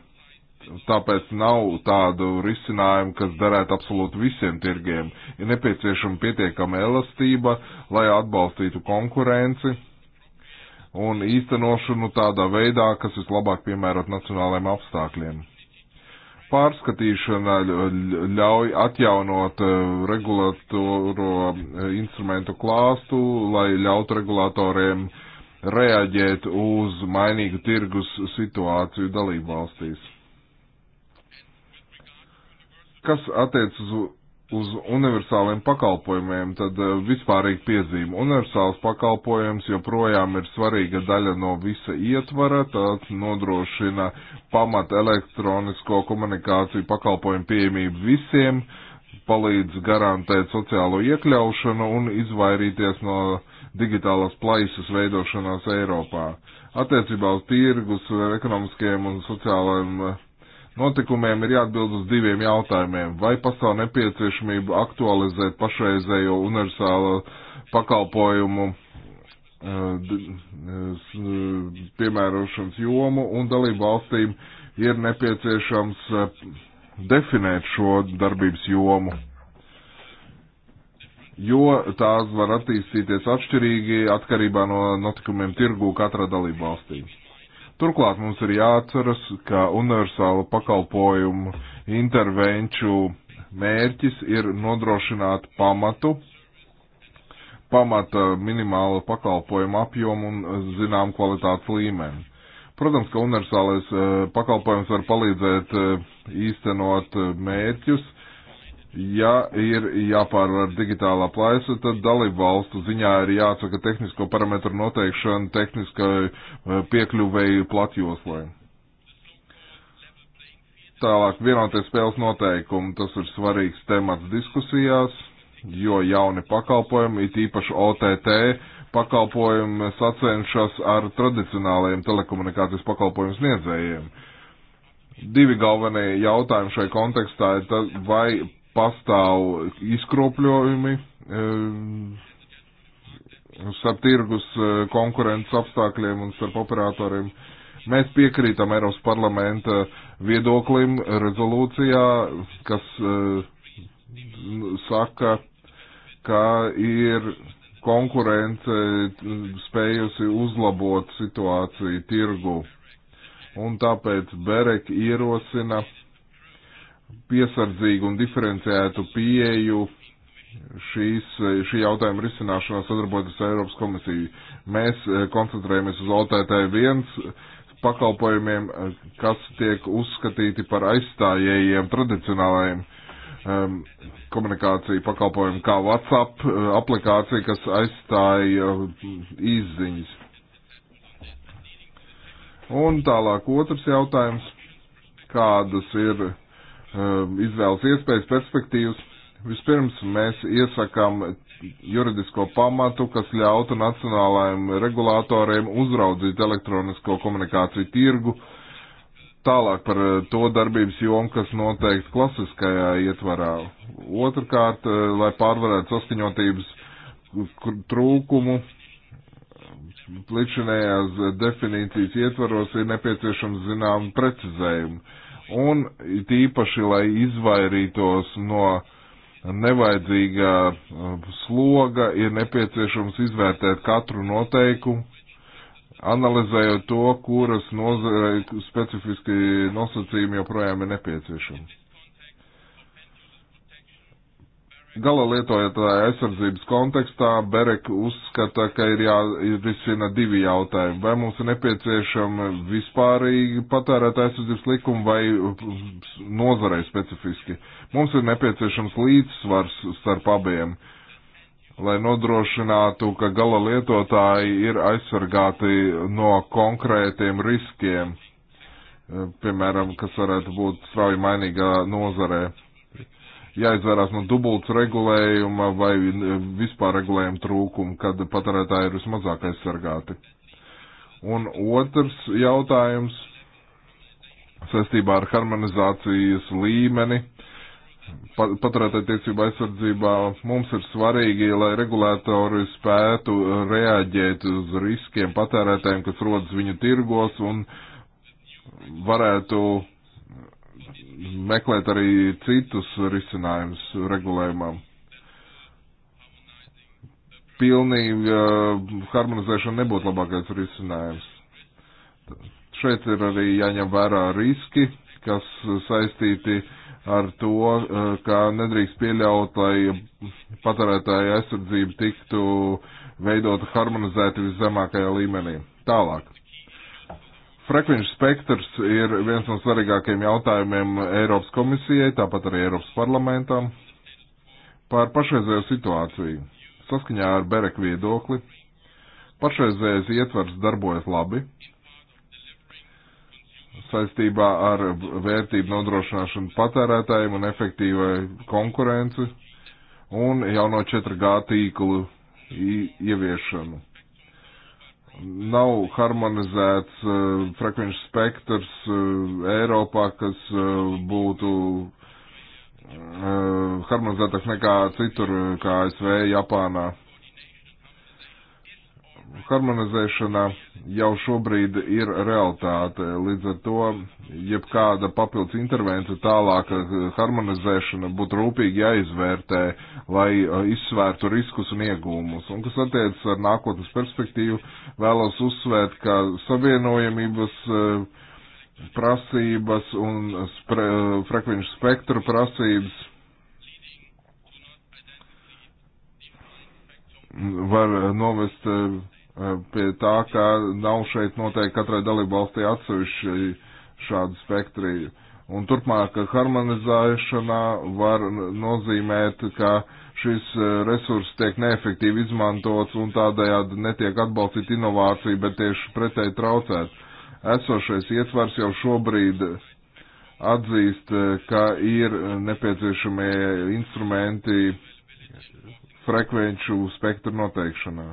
Tāpēc nav tādu risinājumu, kas derētu absolūti visiem tirgiem. Ir nepieciešama pietiekama elastība, lai atbalstītu konkurenci un īstenošanu tādā veidā, kas vislabāk piemērot nacionālajiem apstākļiem. Pārskatīšana ļauj atjaunot eh, regulatoru eh, instrumentu klāstu, lai ļautu regulatoriem reaģēt uz mainīgu tirgus situāciju dalību valstīs Kas attiec uz, uz universāliem pakalpojumiem, tad eh, vispārīgi piezīme. Universāls pakalpojums joprojām ir svarīga daļa no visa ietvara, tāds nodrošina pamat elektronisko komunikāciju pakalpojumu pieejamību visiem, palīdz garantēt sociālo iekļaušanu un izvairīties no digitālās plaisas veidošanās Eiropā. Attiecībā uz tirgus, ekonomiskajiem un sociālajiem eh, Notikumiem ir jāatbild uz diviem jautājumiem. Vai pastāv nepieciešamība aktualizēt pašreizējo universālo pakalpojumu eh, eh, eh, piemērošanas jomu un dalību valstīm ir nepieciešams definēt šo darbības jomu jo tās var attīstīties atšķirīgi atkarībā no notikumiem tirgū katrā dalībvalstī. Turklāt mums ir jāatceras, ka universāla pakalpojumu intervenču mērķis ir nodrošināt pamatu, pamata minimāla pakalpojuma apjomu un zinām kvalitātes līmeni. Protams, ka universālais eh, pakalpojums var palīdzēt eh, īstenot eh, mērķus, Ja ir jāpārvar digitālā plaisa, tad dalību valstu ziņā ir jāatsaka tehnisko parametru noteikšana tehniskai eh, piekļuvēju platjoslai. Tālāk vienoties spēles noteikumi, tas ir svarīgs temats diskusijās, jo jauni pakalpojumi, it īpaši OTT pakalpojumi sacenšas ar tradicionālajiem telekomunikācijas pakalpojumu sniedzējiem. Divi galvenie jautājumi šai kontekstā ir, vai pastāv izkropļojumi eh, starp tirgus eh, konkurences apstākļiem un starp operatoriem. Mēs piekrītam Eiropas parlamenta viedoklim rezolūcijā, kas eh, saka, ka ir konkurence spējusi uzlabot situāciju tirgu. Un tāpēc Berek ierosina piesardzīgu un diferenciētu pieeju šīs, šī jautājuma risināšanā sadarbojoties ar Eiropas komisiju. Mēs eh, koncentrējamies uz OTT 1 pakalpojumiem, eh, kas tiek uzskatīti par aizstājējiem tradicionālajiem um, komunikāciju pakalpojumiem, kā WhatsApp eh, aplikācija, kas aizstāja mm, izziņas. Un tālāk otrs jautājums, kādas ir Um, izvēles iespējas, perspektīvas. Vispirms mēs iesakām juridisko pamatu, kas ļautu nacionālajiem regulātoriem uzraudzīt elektronisko komunikāciju tirgu, tālāk par uh, to darbības jomu, kas noteikti klasiskajā ietvarā. Otrkārt, uh, lai pārvarētu saskaņotības uh, trūkumu, līdzinējās definīcijas ietvaros ir nepieciešams zinām precizējumu un tīpaši, lai izvairītos no nevajadzīgā uh, sloga, ir nepieciešams izvērtēt katru noteikumu, analizējot to, kuras nozare specifiski nosacījumi joprojām ir nepieciešami. Gala lietotāja aizsardzības kontekstā Berek uzskata, ka ir jārisina divi jautājumi. Vai mums ir nepieciešama vispārīgi patērēta aizsardzības likuma vai nozarei specifiski? Mums ir nepieciešams līdzsvars starp abiem, lai nodrošinātu, ka gala lietotāji ir aizsargāti no konkrētiem riskiem, piemēram, kas varētu būt strauji mainīgā nozarē jāizvērās no dubults regulējuma vai eh, vispār regulējuma trūkuma, kad patērētāji ir vismazāk aizsargāti. Un otrs jautājums saistībā ar harmonizācijas līmeni patērētāju tiesību aizsardzībā mums ir svarīgi, lai regulātori spētu reaģēt uz riskiem patērētājiem, kas rodas viņu tirgos un varētu meklēt arī citus risinājumus regulējumam. Pilnīga harmonizēšana nebūtu labākais risinājums. Šeit ir arī jāņem vērā riski, kas saistīti ar to, ka nedrīkst pieļaut, lai patērētāja aizsardzība tiktu veidota harmonizēti viszemākajā līmenī. Tālāk frekvenču spektrs ir viens no svarīgākajiem jautājumiem Eiropas komisijai, tāpat arī Eiropas parlamentam par pašreizējo situāciju. Saskaņā ar Berek viedokli pašreizējais ietvers darbojas labi saistībā ar vērtību nodrošināšanu patērētājiem un efektīvai konkurenci un jauno 4G tīklu ieviešanu nav harmonizēts uh, frekvenču spektrs uh, Eiropā, kas uh, būtu uh, harmonizētāks nekā citur, uh, kā ASV, Japānā harmonizēšana jau šobrīd ir realitāte. Līdz ar to, jebkāda papildus intervence, tālāka harmonizēšana būtu rūpīgi jāizvērtē, lai uh, izsvērtu riskus un iegūmus. Un kas attiecas ar nākotnes perspektīvu, vēlos uzsvērt, ka savienojamības uh, prasības un spre, uh, frekvenču spektru prasības var novest Eh, pie tā, ka nav šeit noteikti katrai dalībvalstī atsevišķi šādu spektri. Un turpmāk harmonizēšanā var nozīmēt, ka šis eh, resurs tiek neefektīvi izmantots un tādējādi netiek atbalstīta inovācija, bet tieši pretēji traucēt. Esošais ietvars jau šobrīd atzīst, eh, ka ir nepieciešamie instrumenti frekvenču spektru noteikšanā.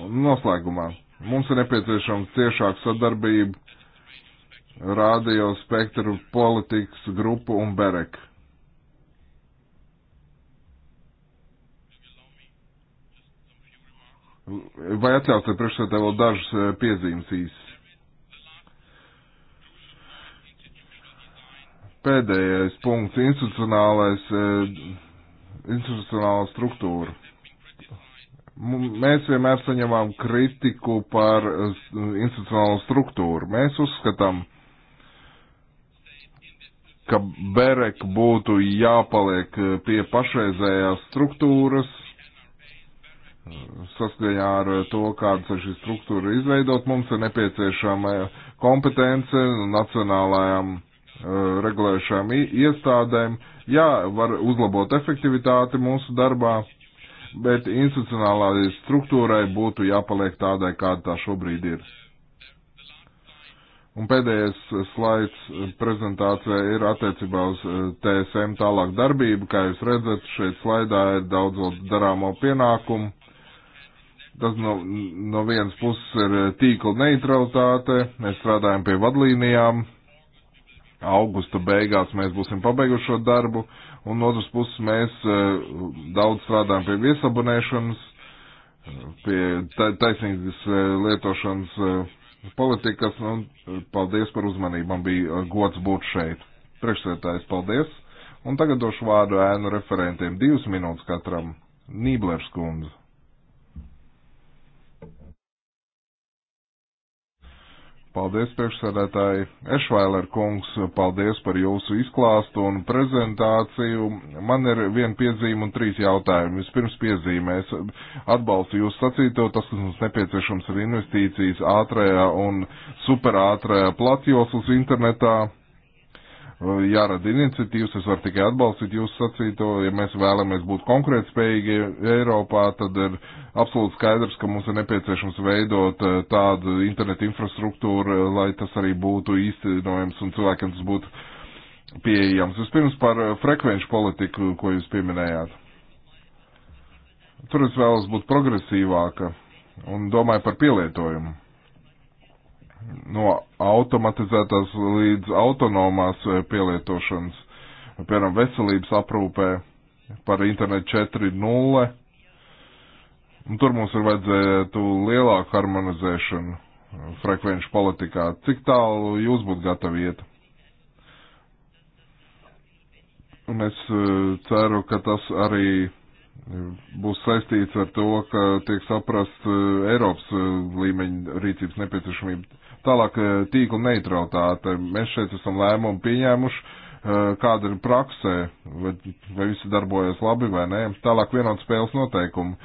Noslēgumā mums ir nepieciešama ciešāka sadarbība rādio spektru politikas grupu un berek. Vai atļausiet priekšsēdē vēl dažas eh, piezīmes īsi? Pēdējais punkts - institucionālais, eh, institucionāla struktūra. Mēs vienmēr saņemam kritiku par eh, institucionālo struktūru. Mēs uzskatām, ka Berek būtu jāpaliek eh, pie pašreizējās struktūras, eh, saskaņā ar to, kāda ir šī struktūra izveidot, mums ir nepieciešama kompetence nacionālajām regulējušām iestādēm. Jā, var uzlabot efektivitāti mūsu darbā, bet institucionālā struktūrai būtu jāpaliek tādai, kāda tā šobrīd ir. Un pēdējais slaids prezentācijā ir attiecībā uz eh, TSM tālāk darbību. Kā jūs redzat, šeit slaidā ir daudz darāmo pienākumu. Tas no, no vienas puses ir eh, tīkla neutralitāte, mēs strādājam pie vadlīnijām, augusta beigās mēs būsim pabeiguši šo darbu, un no otras puses mēs eh, daudz strādājam pie viesabunēšanas, pie taisnīgas eh, lietošanas eh, politikas, un paldies par uzmanību, man bija gods būt šeit. Priekšsētājs, paldies! Un tagad došu vārdu ēnu referentiem divas minūtes katram. Nīblers kundze. Paldies, priekšsēdētāji. Ešvailer kungs, paldies par jūsu izklāstu un prezentāciju. Man ir viena piezīme un trīs jautājumi. Vispirms piezīmē, es atbalstu jūsu sacīto, tas, kas mums nepieciešams ir investīcijas ātrajā un superātrajā platjoslas internetā jārada iniciatīvas, es varu tikai atbalstīt jūsu sacīto, ja mēs vēlamies būt konkurētspējīgi Eiropā, tad ir absolūti skaidrs, ka mums ir nepieciešams veidot eh, tādu internetu infrastruktūru, eh, lai tas arī būtu īstenojams un cilvēkiem tas būtu pieejams. Vispirms par eh, frekvenču politiku, ko jūs pieminējāt. Tur es vēlos būt progresīvāka un domāju par pielietojumu no automatizētās līdz autonomās eh, pielietošanas, piemēram, veselības aprūpē par internetu 4.0. Un tur mums ir vajadzētu lielāku harmonizēšanu eh, frekvenču politikā. Cik tālu jūs būtu gatavi iet? Un es eh, ceru, ka tas arī būs saistīts ar to, ka tiek saprast Eiropas līmeņa rīcības nepieciešamība. Tālāk eh, tīkla neutralitāte. Mēs šeit esam lēmumu pieņēmuši, eh, kāda ir praksē, vai, vai visi darbojas labi vai nē. Tālāk vienot spēles noteikumu.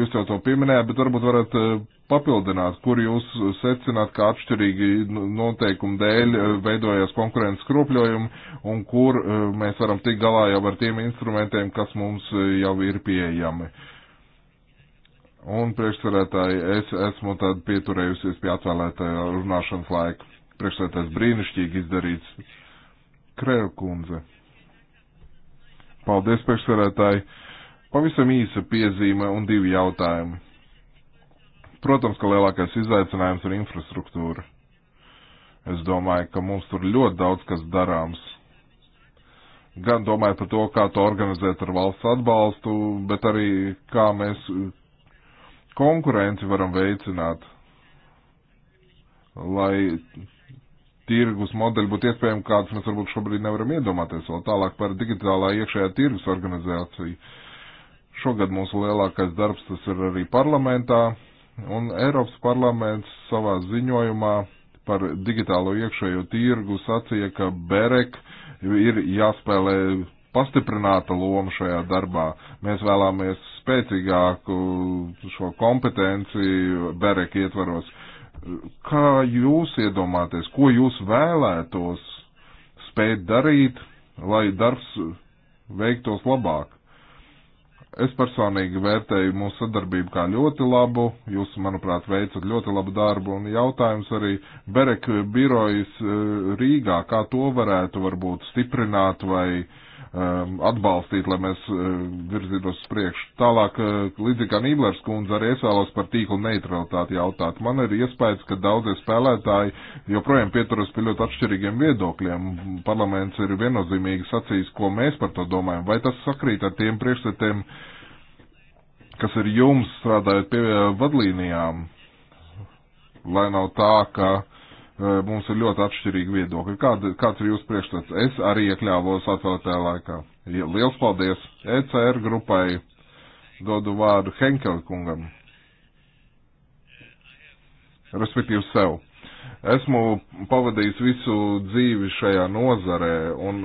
Jūs jau to pieminējāt, bet varbūt varat eh, papildināt, kur jūs secināt, ka atšķirīgi noteikumu dēļ veidojas konkurences kropļojumi un kur mēs varam tikt galā jau ar tiem instrumentiem, kas mums jau ir pieejami. Uh, Un priekšsarētāji, es esmu tad pieturējusies pie atvēlētā runāšanas laika. Priekšsarētājs brīnišķīgi izdarīts. Krēra kundze. Paldies, priekšsarētāji. Pavisam īsa piezīme un divi jautājumi. Protams, ka lielākais izaicinājums ir infrastruktūra. Es domāju, ka mums tur ļoti daudz kas darāms. Gan domāju par to, kā to organizēt ar valsts atbalstu, bet arī kā mēs konkurenci varam veicināt, lai tirgus modeļi būtu iespējami, kādas mēs varbūt šobrīd nevaram iedomāties, vēl tālāk par digitālā iekšējā tirgus organizāciju. Šogad mūsu lielākais darbs tas ir arī parlamentā, un Eiropas parlaments savā ziņojumā par digitālo iekšējo tirgu sacīja, ka Berek ir jāspēlē pastiprināta loma šajā darbā. Mēs vēlamies spēcīgāku šo kompetenci Berek ietvaros. Kā jūs iedomāties, ko jūs vēlētos spēt darīt, lai darbs veiktos labāk? Es personīgi vērtēju mūsu sadarbību kā ļoti labu, jūs, manuprāt, veicat ļoti labu darbu, un jautājums arī Berek birojas eh, Rīgā, kā to varētu varbūt stiprināt vai uh, Um, atbalstīt, lai mēs uh, virzītos uz priekšu. Tālāk, uh, līdzīgi kā Nīblers kundze, arī es vēlos par tīklu neutralitāti jautāt. Man ir iespējas, ka daudzie spēlētāji joprojām pieturas pie ļoti atšķirīgiem viedokļiem. Parlaments ir viennozīmīgi sacījis, ko mēs par to domājam. Vai tas sakrīt ar tiem priekšstatiem, kas ir jums strādājot pie uh, vadlīnijām? Lai nav tā, ka uh, Eh, mums ir ļoti atšķirīgi viedokļi. Kāda, kāds ir jūsu priekšstats? Es arī iekļāvos atvēlētajā laikā. Liels paldies ECR grupai. Dodu vārdu Henkel kungam. Respektīvi sev. Esmu pavadījis visu dzīvi šajā nozarē, un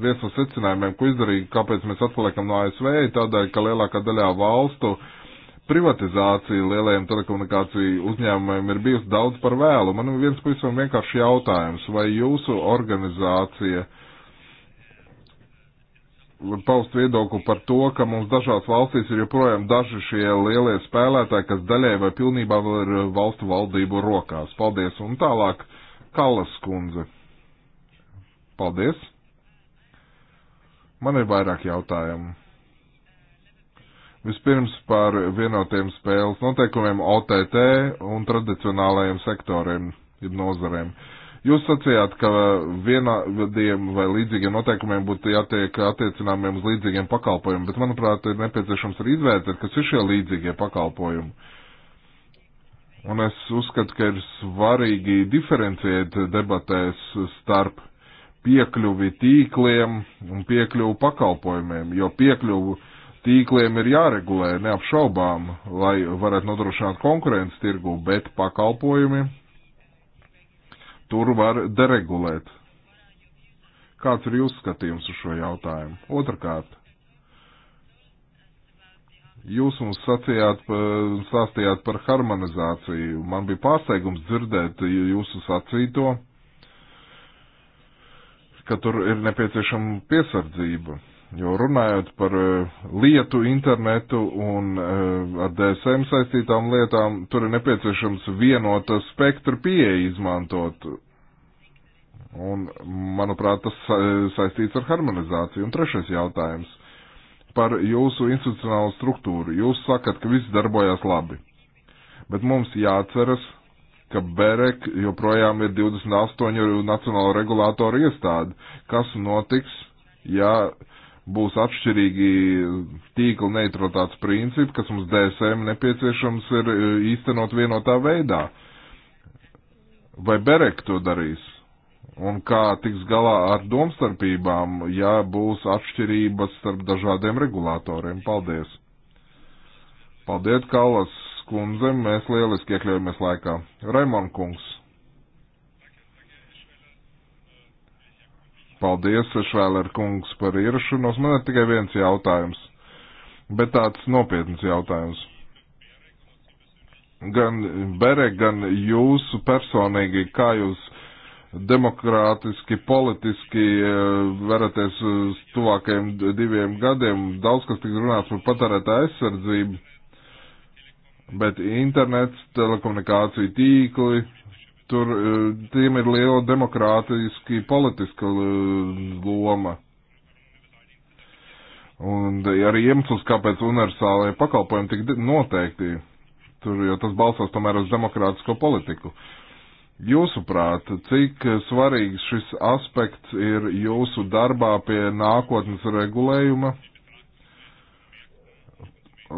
viens no secinājumiem, ko izdarīju, kāpēc mēs atpaliekam no ASV, tādēļ, ka lielākā daļā valstu uh, privatizācija lielajiem telekomunikāciju uzņēmumiem ir bijusi daudz par vēlu. Man ir viens pavisam vienkārši jautājums, vai jūsu organizācija paust viedokli par to, ka mums dažās valstīs ir joprojām daži šie lielie spēlētāji, kas daļai vai pilnībā vēl ir valstu valdību rokās. Paldies. Un tālāk Kalas kundze. Paldies. Man ir vairāk jautājumu. Vispirms par vienotiem spēles noteikumiem OTT un tradicionālajiem sektoriem, jeb nozarēm. Jūs sacījāt, ka vienādiem vai līdzīgiem noteikumiem būtu jātiek attiecināmiem uz līdzīgiem pakalpojumiem, bet, manuprāt, ir nepieciešams arī izvērtēt, kas ir šie līdzīgie pakalpojumi. Un es uzskatu, ka ir svarīgi diferenciēt debatēs starp piekļuvi tīkliem un piekļuvu pakalpojumiem, jo piekļuvu uh, tīkliem ir jāregulē neapšaubām, lai varētu nodrošināt konkurences tirgu, bet pakalpojumi tur var deregulēt. Kāds ir jūsu skatījums uz šo jautājumu? Otrakārt, jūs mums sacījāt, stāstījāt par harmonizāciju. Man bija pārsteigums dzirdēt jūsu sacīto, ka tur ir nepieciešama piesardzība Jo runājot par eh, lietu internetu un eh, ar DSM saistītām lietām, tur ir nepieciešams vienota spektra pieeja izmantot. Un, manuprāt, tas saistīts ar harmonizāciju. Un trešais jautājums par jūsu institucionālo struktūru. Jūs sakat, ka viss darbojas labi. Bet mums jāatceras, ka BEREK joprojām ir 28 nacionālo regulātoru iestādi. Kas notiks, ja būs atšķirīgi tīkla neutralitātes principi, kas mums DSM nepieciešams ir e, īstenot vienotā veidā. Vai Berek to darīs? Un kā tiks galā ar domstarpībām, ja būs atšķirības starp dažādiem regulātoriem? Paldies! Paldies, Kalas kundze, mēs lieliski iekļaujamies laikā. Raimon kungs! Paldies, Švēlēr kungs, par ierašanos. Man ir tikai viens jautājums, bet tāds nopietns jautājums. Gan Berek, gan jūsu personīgi, kā jūs demokrātiski, politiski eh, veraties uz tuvākajiem diviem gadiem, daudz kas tik runāts par patērētā aizsardzību, bet internets, telekomunikāciju tīkli, tur e, tiem ir liela demokrātiski politiska e, loma. Un arī iemesls, kāpēc universālajie pakalpojumi tik noteikti, tur, jo tas balstās tomēr uz demokrātisko politiku. Jūsuprāt, cik svarīgs šis aspekts ir jūsu darbā pie nākotnes regulējuma?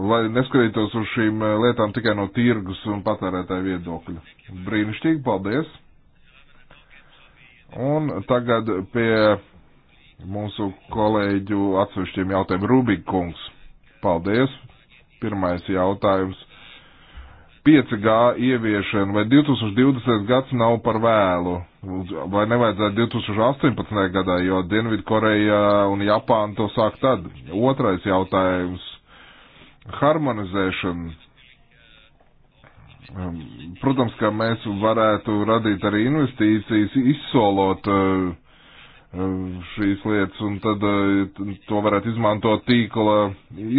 Lai neskrītos uz šīm e, lietām tikai no tirgus un patērētāju viedokļa. Brīnišķīgi, paldies! Un tagad pie mūsu kolēģu atsevišķiem jautājumiem. Rubikungs, paldies! Pirmais jautājums. 5G ieviešana vai 2020. gads nav par vēlu? Vai nevajadzētu 2018. gadā, jo Dienvidkoreja un Japāna to sāk tad? Otrais jautājums. Harmonizēšana Um, protams, ka mēs varētu radīt arī investīcijas, izsolot uh, uh, šīs lietas, un tad uh, to varētu izmantot tīkla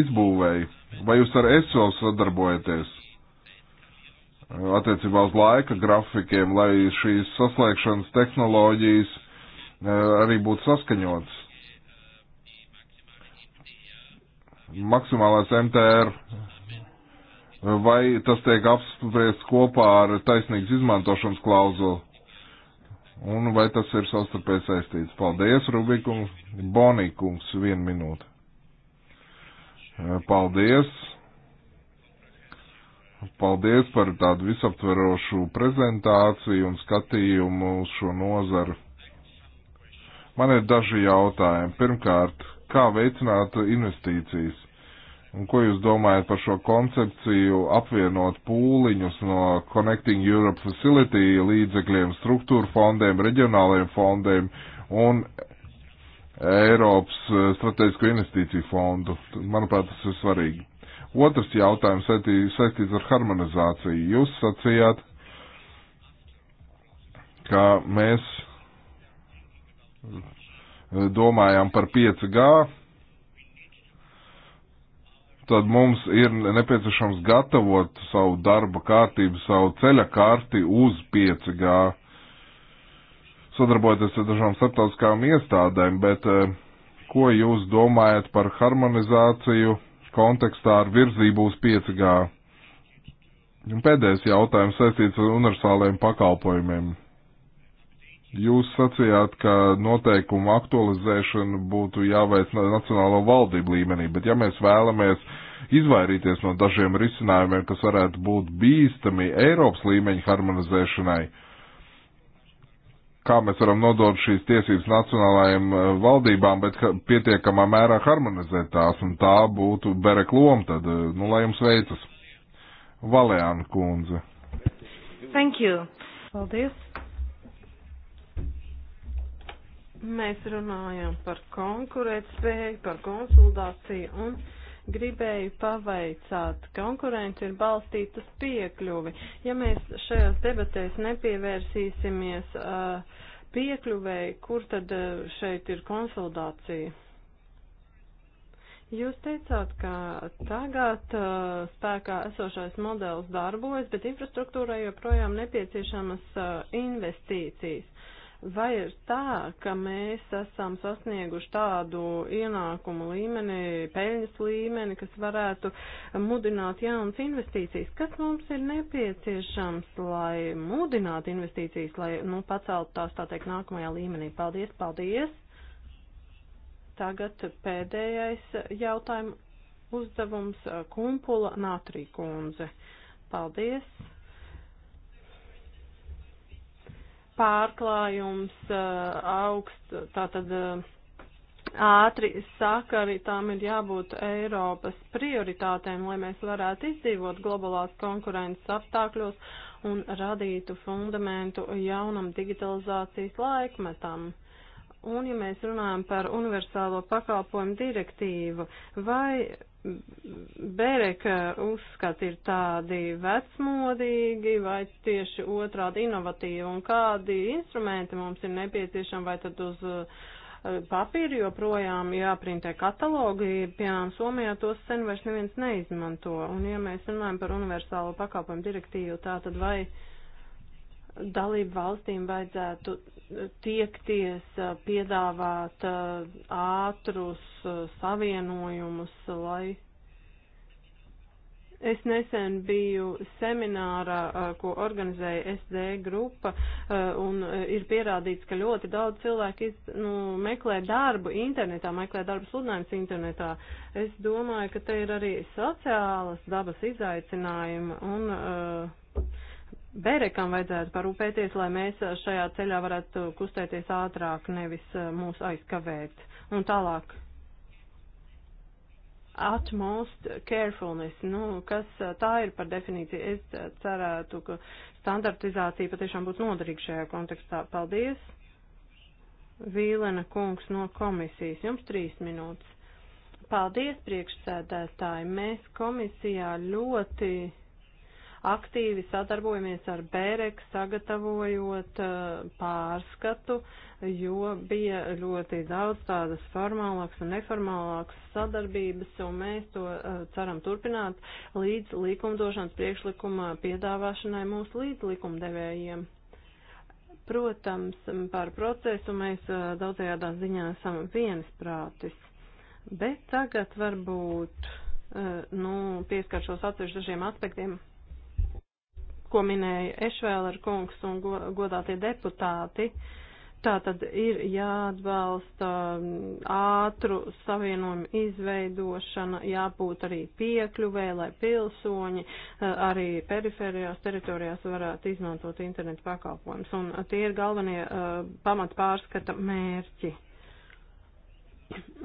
izbūvēji. Vai jūs ar ESO sadarbojaties attiecībā uz laika grafikiem, lai šīs saslēgšanas tehnoloģijas arī būtu saskaņotas? Maksimālais MTR vai tas tiek apspriests kopā ar taisnīgas izmantošanas klauzulu. Un vai tas ir savstarpēji saistīts? Paldies, Rubikums. Bonīkums, viena minūte. Eh, paldies. Paldies par tādu visaptverošu prezentāciju un skatījumu uz šo nozaru. Man ir daži jautājumi. Pirmkārt, kā veicināt investīcijas? Un ko jūs domājat par šo koncepciju apvienot pūliņus no Connecting Europe Facility līdzekļiem, struktūra fondiem, reģionālajiem fondiem un Eiropas eh, strateģisko investīciju fondu? Manuprāt, tas ir svarīgi. Otrs jautājums saistīts ar harmonizāciju. Jūs sacījāt, ka mēs eh, domājām par 5G tad mums ir nepieciešams gatavot savu darba kārtību, savu ceļa kārti uz 5G, sadarbojoties ar dažām starptautiskām iestādēm, bet e, ko jūs domājat par harmonizāciju kontekstā ar virzību uz 5G? Un pēdējais jautājums saistīts ar universāliem pakalpojumiem. Jūs sacījāt, ka noteikumu aktualizēšana būtu jāveic nacionālo valdību līmenī, bet ja mēs vēlamies izvairīties no dažiem risinājumiem, kas varētu būt bīstami Eiropas līmeņa harmonizēšanai, kā mēs varam nodot šīs tiesības nacionālajām eh, valdībām, bet pietiekamā mērā harmonizēt tās, un tā būtu berek loma, tad, eh, nu, lai jums veicas. Valēna kundze. Thank you. Paldies. Mēs runājam par konkurētspēju, par konsultāciju un gribēju pavaicāt. Konkurence ir balstīta uz piekļuvi. Ja mēs šajās debatēs nepievērsīsimies uh, piekļuvēji, kur tad uh, šeit ir konsultācija? Jūs teicāt, ka tagad uh, spēkā esošais modelis darbojas, bet infrastruktūrai joprojām nepieciešamas uh, investīcijas. Vai ir tā, ka mēs esam sasnieguši tādu ienākumu līmeni, peļņas līmeni, kas varētu mudināt jaunas investīcijas? Kas mums ir nepieciešams, lai mudinātu investīcijas, lai nu, paceltu tās, tā teikt, nākamajā līmenī? Paldies, paldies! Tagad pēdējais jautājums uzdevums Kumpula Nātrī kundze. Paldies! pārklājums, augst, tātad ātri sakari, tām ir jābūt Eiropas prioritātēm, lai mēs varētu izdzīvot globālās konkurences apstākļos un radītu fundamentu jaunam digitalizācijas laikmetam. Un, ja mēs runājam par universālo pakalpojumu direktīvu, vai Bereka uzskati ir tādi vecmodīgi vai tieši otrādi inovatīvi un kādi instrumenti mums ir nepieciešami vai tad uz eh, papīru joprojām jāprintē katalogi, piemēram, Somijā tos sen vairs neviens neizmanto. Un, ja mēs runājam par universālo pakalpojumu direktīvu, tā tad vai dalību valstīm vajadzētu tiekties piedāvāt ātrus savienojumus, lai Es nesen biju seminārā, ko organizēja SD grupa, un ir pierādīts, ka ļoti daudz cilvēku iz, nu, meklē darbu internetā, meklē darbu sludinājumus internetā. Es domāju, ka te ir arī sociālas dabas izaicinājumi, un uh, Berekam vajadzētu parūpēties, lai mēs šajā ceļā varētu kustēties ātrāk, nevis eh, mūs aizkavēt. Un tālāk. Utmost carefulness, nu, kas eh, tā ir par definīciju. Es cerētu, ka standartizācija patiešām būtu noderīga šajā kontekstā. Paldies! Vīlena kungs no komisijas, jums trīs minūtes. Paldies, priekšsēdētāji! Mēs komisijā ļoti aktīvi sadarbojamies ar Bērek, sagatavojot eh, pārskatu, jo bija ļoti daudz tādas formālākas un neformālākas sadarbības, un mēs to eh, ceram turpināt līdz likumdošanas priekšlikuma piedāvāšanai mūsu līdzlikumdevējiem. Protams, par procesu mēs eh, daudzajādā ziņā esam viensprātis, bet tagad varbūt nu, pieskaršos atsevišķiem aspektiem ko minēja Ešvēlera kungs un godātie deputāti. Tā tad ir jāatbalsta mm, ātru savienojumu izveidošana, jābūt arī piekļuvē, lai pilsoņi eh, arī periferijās teritorijās varētu izmantot internetu pakalpojumus. Un tie ir galvenie uh, eh, pamat pārskata mērķi.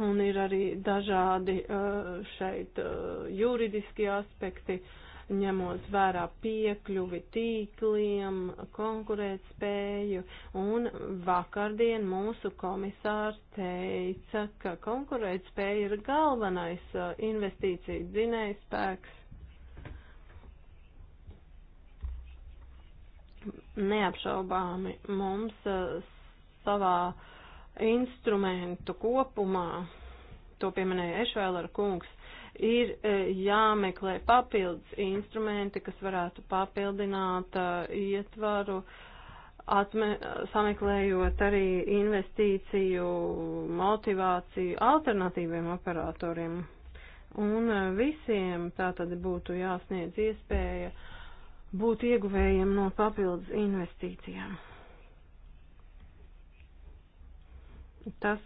Un ir arī dažādi uh, šeit uh, juridiski aspekti. Uh, ņemot vērā piekļuvi tīkliem, konkurēt spēju, un vakardien mūsu komisārs teica, ka konkurēt spēja ir galvenais uh, investīcija dzinējs spēks. Neapšaubāmi mums uh, savā instrumentu kopumā, to pieminēja Ešvēlera kungs, ir e, jāmeklē papildus instrumenti, kas varētu papildināt e, ietvaru, atme, sameklējot arī investīciju motivāciju alternatīviem operatoriem. Un e, visiem tā tad būtu jāsniedz iespēja būt ieguvējiem no papildus investīcijām. Tas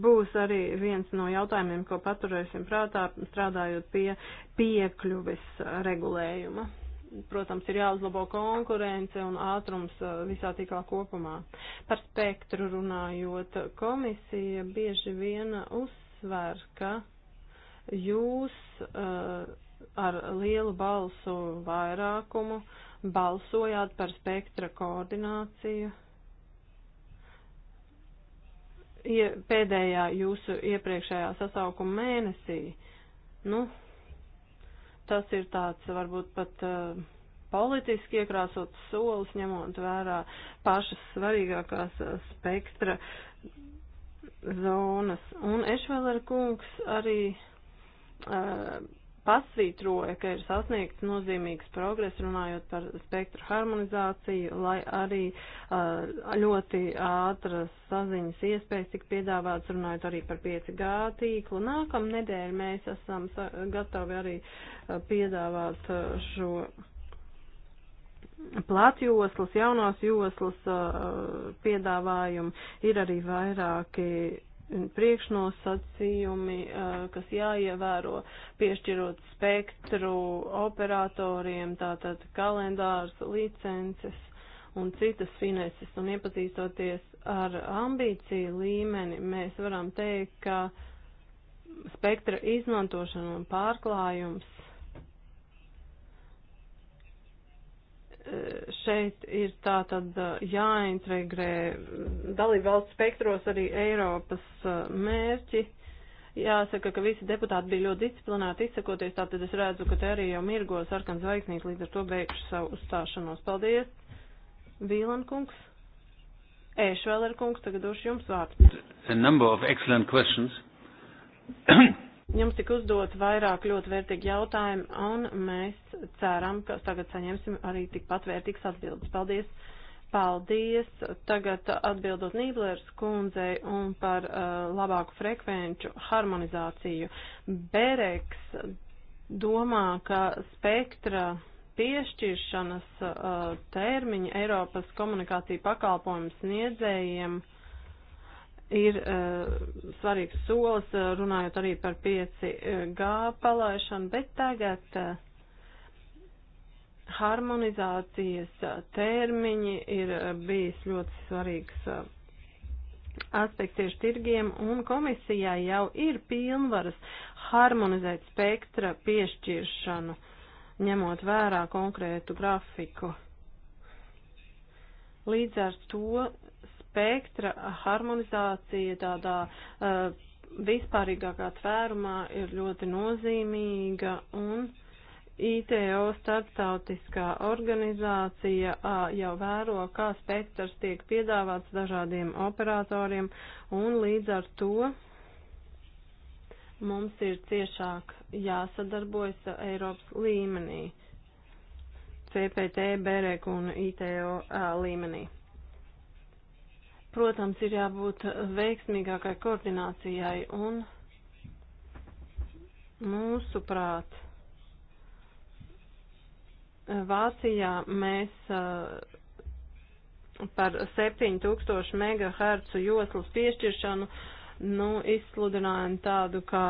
būs arī viens no jautājumiem, ko paturēsim prātā, strādājot pie piekļuves regulējuma. Protams, ir jāuzlabo konkurence un ātrums uh, visā tikā kopumā. Par spektru runājot, komisija bieži vien uzsver, ka jūs uh, ar lielu balsu vairākumu balsojāt par spektra koordināciju pēdējā jūsu iepriekšējā sasaukuma mēnesī. Nu, tas ir tāds varbūt pat uh, politiski iekrāsots solis, ņemot vērā pašas svarīgākās uh, spektra zonas. Un Ešvelera kungs arī uh, pasvītroja, ka ir sasniegts nozīmīgs progress runājot par spektru harmonizāciju, lai arī uh, ļoti ātras saziņas iespējas tika piedāvāts runājot arī par 5G tīklu. Nākamnedēļ mēs esam gatavi arī uh, piedāvāt uh, šo platjoslas, jaunās joslas piedāvājumu. Ir arī vairāki priekšnosacījumi, eh, kas jāievēro, piešķirot spektru operatoriem, tātad kalendārs, licences un citas finanses. Un iepazīstoties ar ambīciju līmeni, mēs varam teikt, ka spektra izmantošana un pārklājums šeit ir tātad jāintegrē dalībvalsts spektros arī Eiropas mērķi. Jāsaka, ka visi deputāti bija ļoti disciplināti izsakoties, tātad es redzu, ka te arī jau mirgo sarkans zvaigznīt, līdz ar to beigšu savu uzstāšanos. Paldies, Vīlan kungs. Ēšvēler kungs, tagad došu jums vārdu. A number of excellent questions. Jums tik uzdot vairāk ļoti vērtīgi jautājumi, un mēs ceram, ka tagad saņemsim arī tikpat vērtīgas atbildes. Paldies! Paldies! Tagad atbildot Nīblers kundzei un par uh, labāku frekvenču harmonizāciju. Bereks domā, ka spektra piešķiršanas uh, termiņi Eiropas komunikāciju pakalpojumu sniedzējiem uh, ir uh, svarīgs solis, eh, runājot arī par 5G eh, palaišanu, bet tagad uh, harmonizācijas termiņi ir bijis ļoti svarīgs aspekts tieši tirgiem, un komisijai jau ir pilnvaras harmonizēt spektra piešķiršanu, ņemot vērā konkrētu grafiku. Līdz ar to spektra harmonizācija tādā uh, vispārīgākā tvērumā ir ļoti nozīmīga un ITO starptautiskā organizācija uh, jau vēro, kā spektrs tiek piedāvāts dažādiem operatoriem un līdz ar to mums ir ciešāk jāsadarbojas Eiropas līmenī, CPT, BEREK un ITO uh, līmenī. Protams, ir jābūt veiksmīgākai koordinācijai un mūsuprāt. Vācijā mēs eh, par 7000 MHz joslas piešķiršanu nu, izsludinājām tādu kā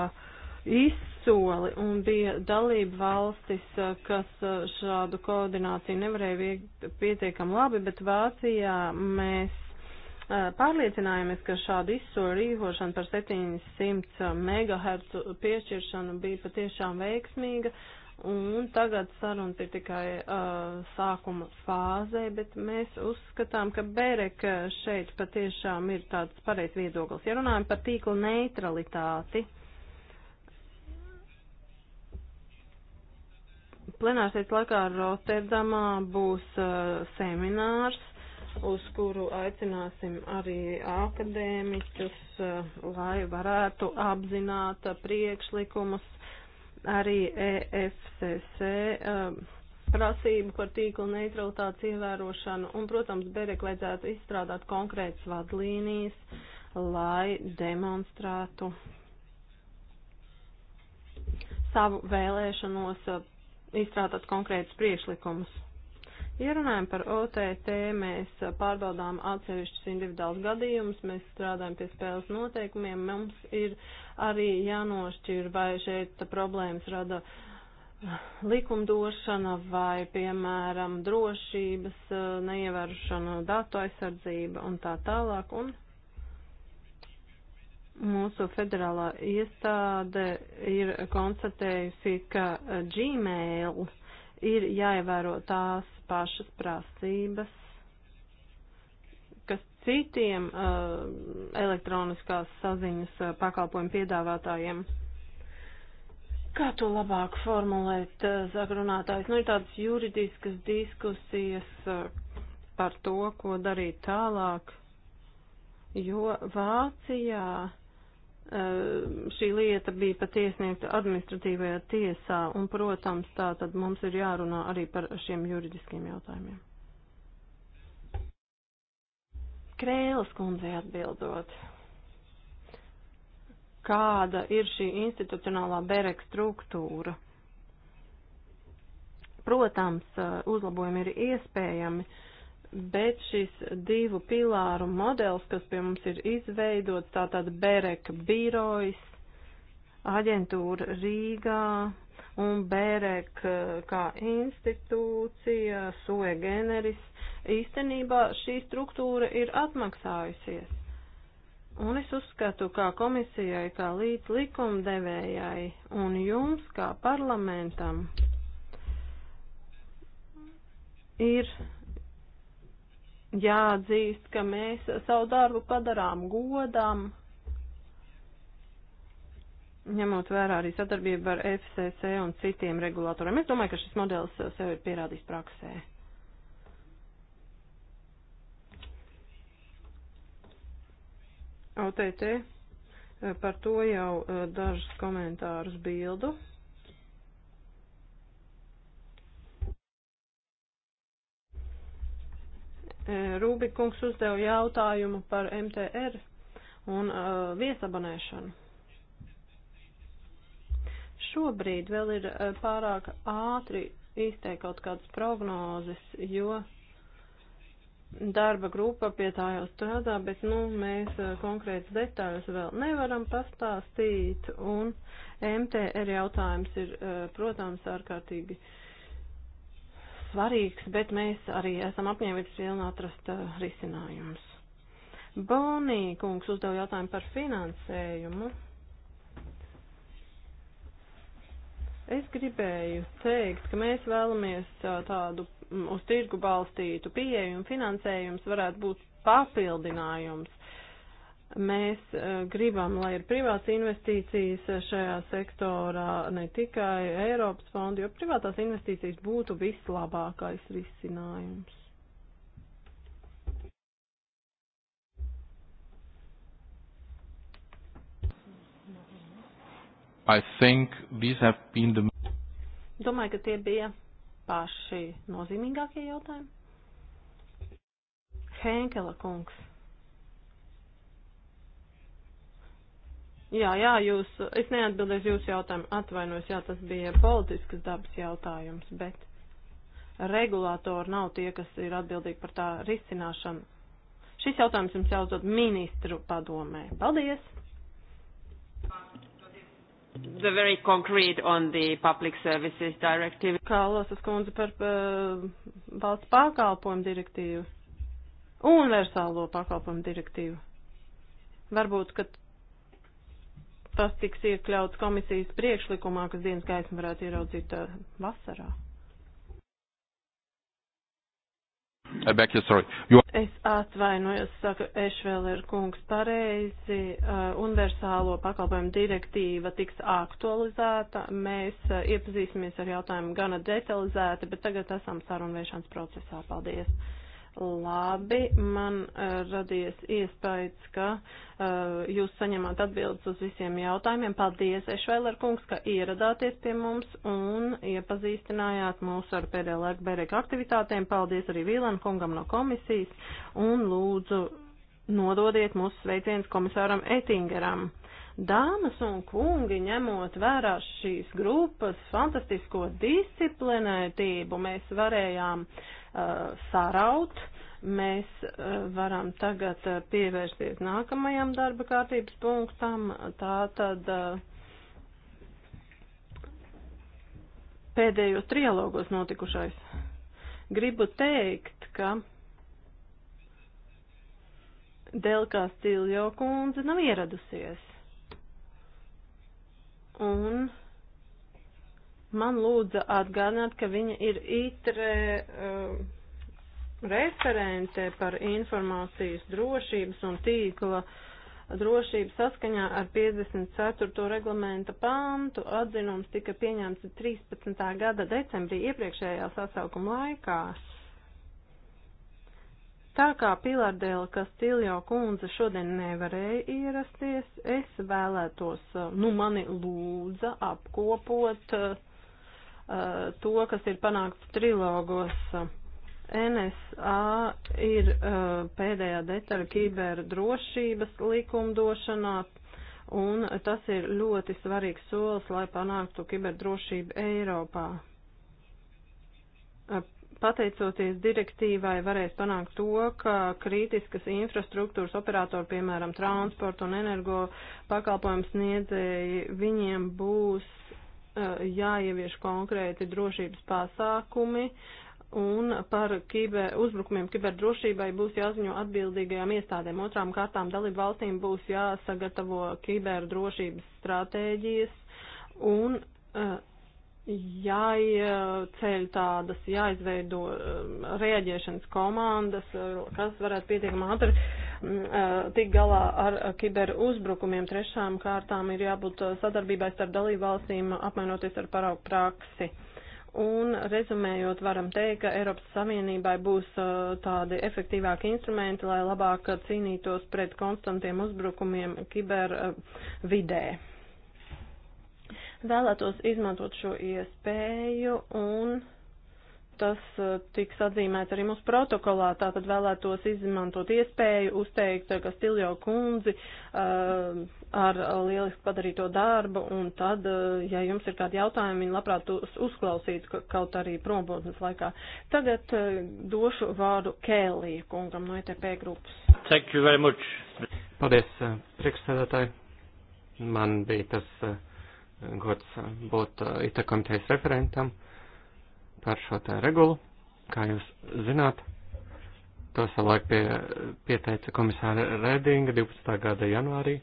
izsoli un bija dalība valstis, eh, kas eh, šādu koordināciju nevarēja pietiekam labi, bet Vācijā mēs Pārliecinājamies, ka šādu izsoļu rīkošana par 700 MHz piešķiršanu bija patiešām veiksmīga, un tagad sarunas ir tikai uh, sākuma fāzē, bet mēs uzskatām, ka Berek šeit patiešām ir tāds pareiz viedoklis. Ja runājam par tīkla neutralitāti, plenārsēdes laikā Rotterdamā būs uh, seminārs, uz kuru aicināsim arī akadēmiķus, eh, lai varētu apzināt priekšlikumus arī EFCC eh, prasību par tīkla neutralitātes ievērošanu un, protams, Berek vajadzētu izstrādāt konkrētas vadlīnijas, lai demonstrētu savu vēlēšanos eh, izstrādāt konkrētas priešlikumus. Ja runājam par OTT, mēs pārbaudām atsevišķus individuālus gadījumus, mēs strādājam pie spēles noteikumiem, mums ir arī jānošķir, vai šeit problēmas rada likumdošana vai, piemēram, drošības eh, neievērošana, datu aizsardzība un tā tālāk. Un mūsu federālā iestāde ir konstatējusi, ka Gmail ir jāievēro tās pašas prasības, kas citiem uh, elektroniskās saziņas uh, pakalpojumu piedāvātājiem. Kā to labāk formulēt, uh, zagrunātājs? Nu, ir tādas juridiskas diskusijas uh, par to, ko darīt tālāk, jo Vācijā uh, Eh, šī lieta bija pat iesniegta administratīvajā tiesā, un, protams, tā tad mums ir jārunā arī par šiem juridiskiem jautājumiem. Krēlas kundzei atbildot, kāda ir šī institucionālā bereka struktūra? Protams, eh, uzlabojumi ir iespējami, uh, bet šis divu pilāru modelis, kas pie mums ir izveidots, tātad Bereka birojs, aģentūra Rīgā un Berek eh, kā institūcija, sue generis, īstenībā šī struktūra ir atmaksājusies. Un es uzskatu, kā komisijai, kā līdz likumdevējai un jums, kā parlamentam, ir Jāatzīst, ka mēs savu darbu padarām godam, ņemot vērā arī sadarbību ar FCC un citiem regulatoriem. Es domāju, ka šis modelis sev ir pierādījis praksē. OTT par to jau eh, dažus komentārus bildu. E, Rūbikungs uzdeva jautājumu par MTR un uh, viesabonēšanu. Šobrīd vēl ir uh, pārāk ātri izteikt kaut kādas prognozes, jo darba grupa pie tā jau strādā, bet nu, mēs konkrētas detaļas vēl nevaram pastāstīt. Un MTR jautājums ir, protams, ārkārtīgi uh, svarīgs, bet mēs arī esam apņēmības pilni atrast uh, risinājumus. Bonī kungs uzdeva jautājumu par finansējumu. Es gribēju teikt, ka mēs vēlamies uh, tādu mm, uz tirgu balstītu pieeju un finansējums varētu būt papildinājums Mēs eh, gribam, lai ir privāts investīcijas eh, šajā sektorā, ne tikai Eiropas fondi, jo privātās investīcijas būtu vislabākais risinājums. I think these have been the Domāju, ka tie bija paši nozīmīgākie jautājumi. Henkela kungs. Jā, jā, jūs, es neatbildēšu jūsu jautājumu, atvainojos, jā, tas bija politiskas dabas jautājums, bet regulātori nav tie, kas ir atbildīgi par tā risināšanu. Šis jautājums jums jāuzdod ministru padomē. Paldies! The very concrete on the public services directive. Kā lasas kundze par uh, valsts pakalpojumu direktīvu? Universālo pakalpojumu direktīvu. Varbūt, ka tas tiks iekļauts komisijas priekšlikumā, kas dienas gaismu varētu ieraudzīt uh, vasarā? Back here, sorry. You... Es atvainojos, saka Ešvēler kungs, pareizi uh, universālo pakalpojumu direktīva tiks aktualizēta. Mēs uh, iepazīsimies ar jautājumu gana detalizēti, bet tagad esam sarunvēšanas procesā. Paldies! labi. Man uh, radies iespējas, ka uh, jūs saņemat atbildes uz visiem jautājumiem. Paldies, Ešvēlēr kungs, ka ieradāties pie mums un iepazīstinājāt mūs ar pēdējā laika bērēka aktivitātēm. Paldies arī Vīlan kungam no komisijas un lūdzu nododiet mūsu sveicienus komisāram Ettingeram. Dāmas un kungi, ņemot vērā šīs grupas fantastisko disciplinētību, mēs varējām uh, Uh, sāraut. Mēs uh, varam tagad uh, pievērsties nākamajam darba kārtības punktam. Tā tad pēdējos trialogos notikušais. Gribu teikt, ka Delkā Stīljo kundze nav ieradusies. Un man lūdza atgādināt, ka viņa ir itre uh, referente par informācijas drošības un tīkla drošību saskaņā ar 54. reglamenta pantu. Atzinums tika pieņemts 13. gada decembrī iepriekšējā sasaukuma laikā. Tā kā Pilardēla Kastiljo kundze šodien nevarēja ierasties, es vēlētos, uh, nu mani lūdza apkopot uh, Uh, to, kas ir panākts trilogos. NSA ir uh, pēdējā detaļa kiberdrošības likumdošanā, un tas ir ļoti svarīgs solis, lai panāktu kiberdrošību Eiropā uh, pateicoties direktīvai, varēs panākt to, ka kritiskas infrastruktūras operatori, piemēram, transporta un energo pakalpojums sniedzēji, viņiem būs Eh, jāievieš konkrēti drošības pasākumi, un par kiber, uzbrukumiem kiberdrošībai būs jāziņo atbildīgajām iestādēm. Otrām kārtām dalību valstīm būs jāsagatavo kiberdrošības stratēģijas un uh, eh, jāceļ tādas, jāizveido eh, reaģēšanas komandas, kas varētu pietiekami ātri tik galā ar kiberuzbrukumiem. Trešām kārtām ir jābūt sadarbībai starp dalībvalstīm, apmainoties ar paraugu praksi. Un rezumējot, varam teikt, ka Eiropas Savienībai būs tādi efektīvāki instrumenti, lai labāk cīnītos pret konstantiem uzbrukumiem kibervidē. Vēlētos izmantot šo iespēju un tas eh, tiks atzīmēts arī mūsu protokolā, tātad vēlētos izmantot iespēju uzteikt eh, Kastiljo kundzi uh, ar lieliski padarīto darbu, un tad, uh, ja jums ir kādi jautājumi, viņi labprāt uzklausītu kaut arī prombūtnes laikā. Tagad uh, došu vārdu Kēlī kungam no ETP grupas. Thank you very much. Paldies, priekšsēdētāji. Man bija tas gods būt ITA e komitejas referentam par šo te regulu. Kā jūs zināt, to savulaik pie, pieteica komisāra Redinga 12. gada janvārī.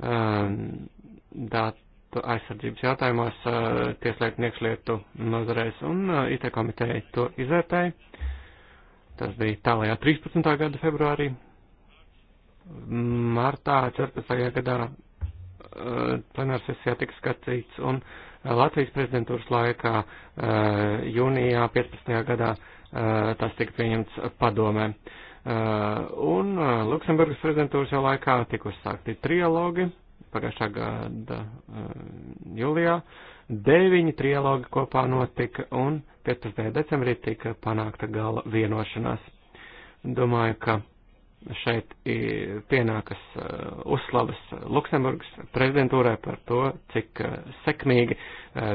Um, datu aizsardzības jautājumos uh, eh, tieslietu un iekšlietu nozarēs un uh, eh, IT komiteja to izvērtēja. Tas bija tālajā 13. gada februārī. Martā 14. gadā eh, plenārsesijā tika skatīts, un Latvijas prezidentūras laikā eh, jūnijā 15. gadā eh, tas tika pieņemts padomē. Eh, un Luksemburgas prezidentūras jau laikā tika uzsākti trialogi pagājušā gada jūlijā. Deviņi trialogi kopā notika un 15. decembrī tika panākta gala vienošanās. Domāju, ka šeit pienākas e, uzslavas Luksemburgas prezidentūrai par to, cik e, sekmīgi e,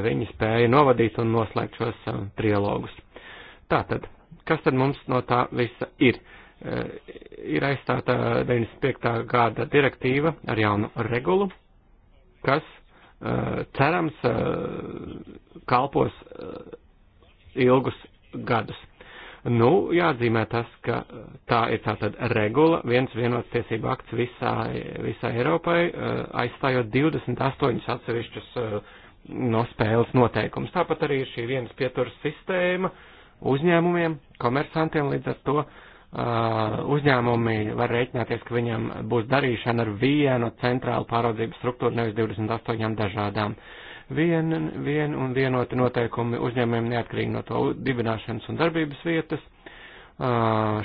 viņi spēja novadīt un noslēgt šos trilogus. Tātad, kas tad mums no tā visa ir? Ir aizstāta 95. gada direktīva ar jaunu regulu, kas cerams kalpos ilgus gadus Nu, jāatzīmē tas, ka tā ir tātad regula, viens vienots tiesību akts visā, visā Eiropai, eh, aizstājot 28 atsevišķus eh, no spēles noteikumus. Tāpat arī ir šī vienas pieturas sistēma uzņēmumiem, komersantiem līdz ar to. Eh, uzņēmumi var rēķināties, ka viņam būs darīšana ar vienu centrālu pāraudzības struktūru, nevis 28 dažādām. Uh, vien, vien un vienoti noteikumi uzņēmumiem neatkarīgi no to dibināšanas un darbības vietas.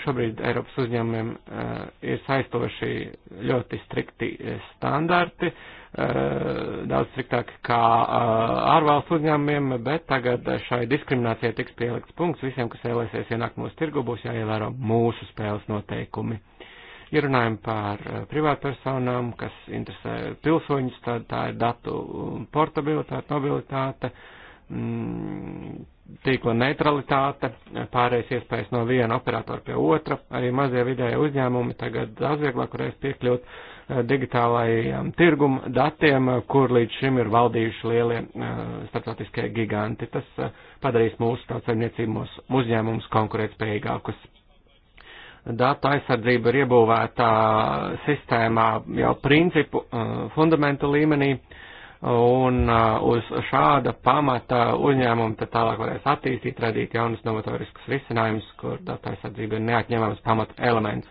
Šobrīd Eiropas uzņēmumiem ir saistoši ļoti strikti standarti, daudz striktāki kā ārvalstu uzņēmumiem, bet tagad šai diskriminācijai tiks pielikts punkts. Visiem, kas vēlēsies ienākt mūsu tirgu, būs jāievēro mūsu spēles noteikumi. Ja runājam par eh, privātpersonām, kas interesē pilsoņus, tad tā ir datu portabilitāte, mobilitāte, mm, tīkla neutralitāte, pārējais iespējas no viena operatora pie otra, arī mazie vidēja uzņēmumi tagad atvieglāk varēs piekļūt eh, digitālajiem tirguma datiem, kur līdz šim ir valdījuši lielie eh, starptautiskie giganti. Tas padarīs mūsu tautsēmniecības uzņēmumus konkurētspējīgākus data aizsardzība ir iebūvēta sistēmā jau principu uh, fundamenta līmenī, un uh, uz šāda pamata uzņēmumi tad tālāk varēs attīstīt, radīt jaunus novatoriskus risinājumus, kur data aizsardzība ir neatņemams pamata elements.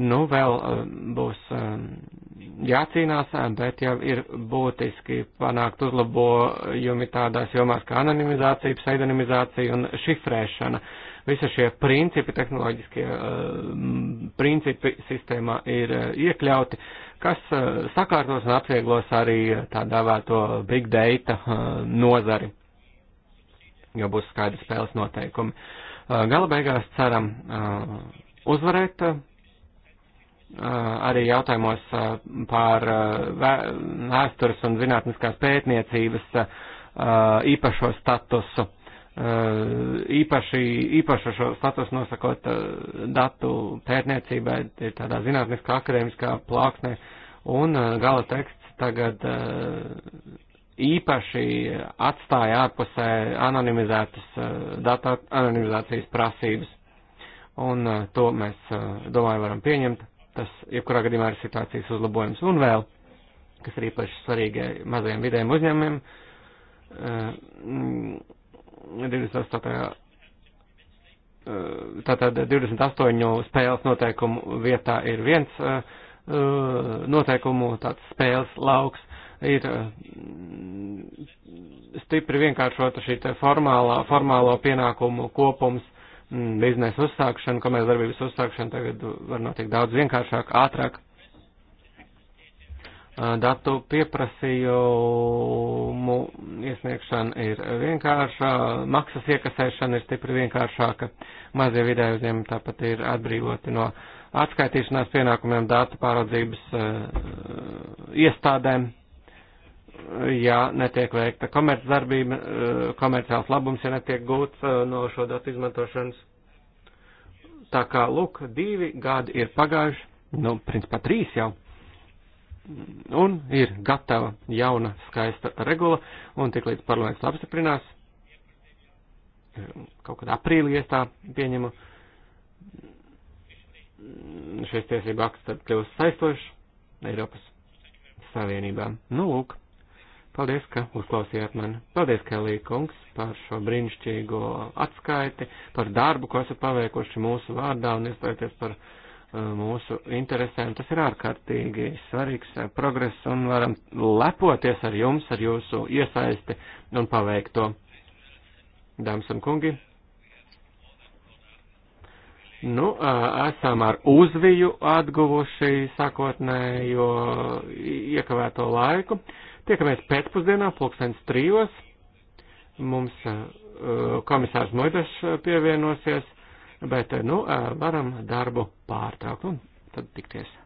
Nu, vēl uh, būs um, jācīnās, bet jau ir būtiski panākt uzlabojumi tādās jomās kā anonimizācija, pseidonimizācija un šifrēšana. Uh, Visi šie principi, tehnoloģiskie eh, principi sistēmā ir eh, iekļauti, kas eh, sakārtos un atvieglos arī tā dēvēto big data nozari, jo būs skaidri spēles noteikumi. Gala beigās ceram uzvarēt arī jautājumos par vēstures un zinātniskās pētniecības īpašo statusu Eh, īpaši, īpaši šo status nosakot eh, datu pērniecībai, ir tādā zinātniskā akadēmiskā plāksnē, un eh, gala teksts tagad īpaši atstāja ārpusē anonimizētas datu anonimizācijas prasības, un to mēs, domāju, varam pieņemt. Tas, jebkurā gadījumā, ir situācijas uzlabojums un vēl, kas ir īpaši svarīgi mazajiem vidējiem uzņēmumiem 28. Eh, tātad 28 spēles noteikumu vietā ir viens eh, eh, noteikumu tāds spēles lauks. Ir stipri vienkāršota šī formālā, formālo pienākumu kopums, mm, biznesa uzsākšana, komēr darbības uzsākšana tagad var notikt daudz vienkāršāk, ātrāk. Datu pieprasījumu iesniegšana ir vienkārša, maksas iekasēšana ir stipri vienkāršāka, mazie vidēji uzņēmumi tāpat ir atbrīvoti no atskaitīšanās pienākumiem datu pāraudzības iestādēm, ja netiek veikta komercdarbība, komerciāls labums, ja netiek gūts no šo datu izmantošanas. Tā kā, lūk, divi gadi ir pagājuši, nu, principā trīs jau un ir gatava jauna skaista regula, un tiklīdz parlaments apstiprinās, kaut kad aprīlī es tā pieņemu, šis tiesība akts tad kļūst saistošs Eiropas Savienībā. Nu, lūk, paldies, ka uzklausījāt mani. Paldies, Kelī kungs, par šo brīnišķīgo atskaiti, par darbu, ko esat paveikuši mūsu vārdā, un iespējoties par mūsu interesēm. Tas ir ārkārtīgi svarīgs eh, progress un varam lepoties ar jums, ar jūsu iesaisti un paveikto. Dāmas un kungi, nu, eh, esam ar uzviju atguvuši sākotnējo iekavēto laiku. Tiekamies pēcpusdienā, pulkstens trijos. Mums eh, komisārs Moidašs pievienosies bet, nu, varam darbu pārtraukt un tad tikties.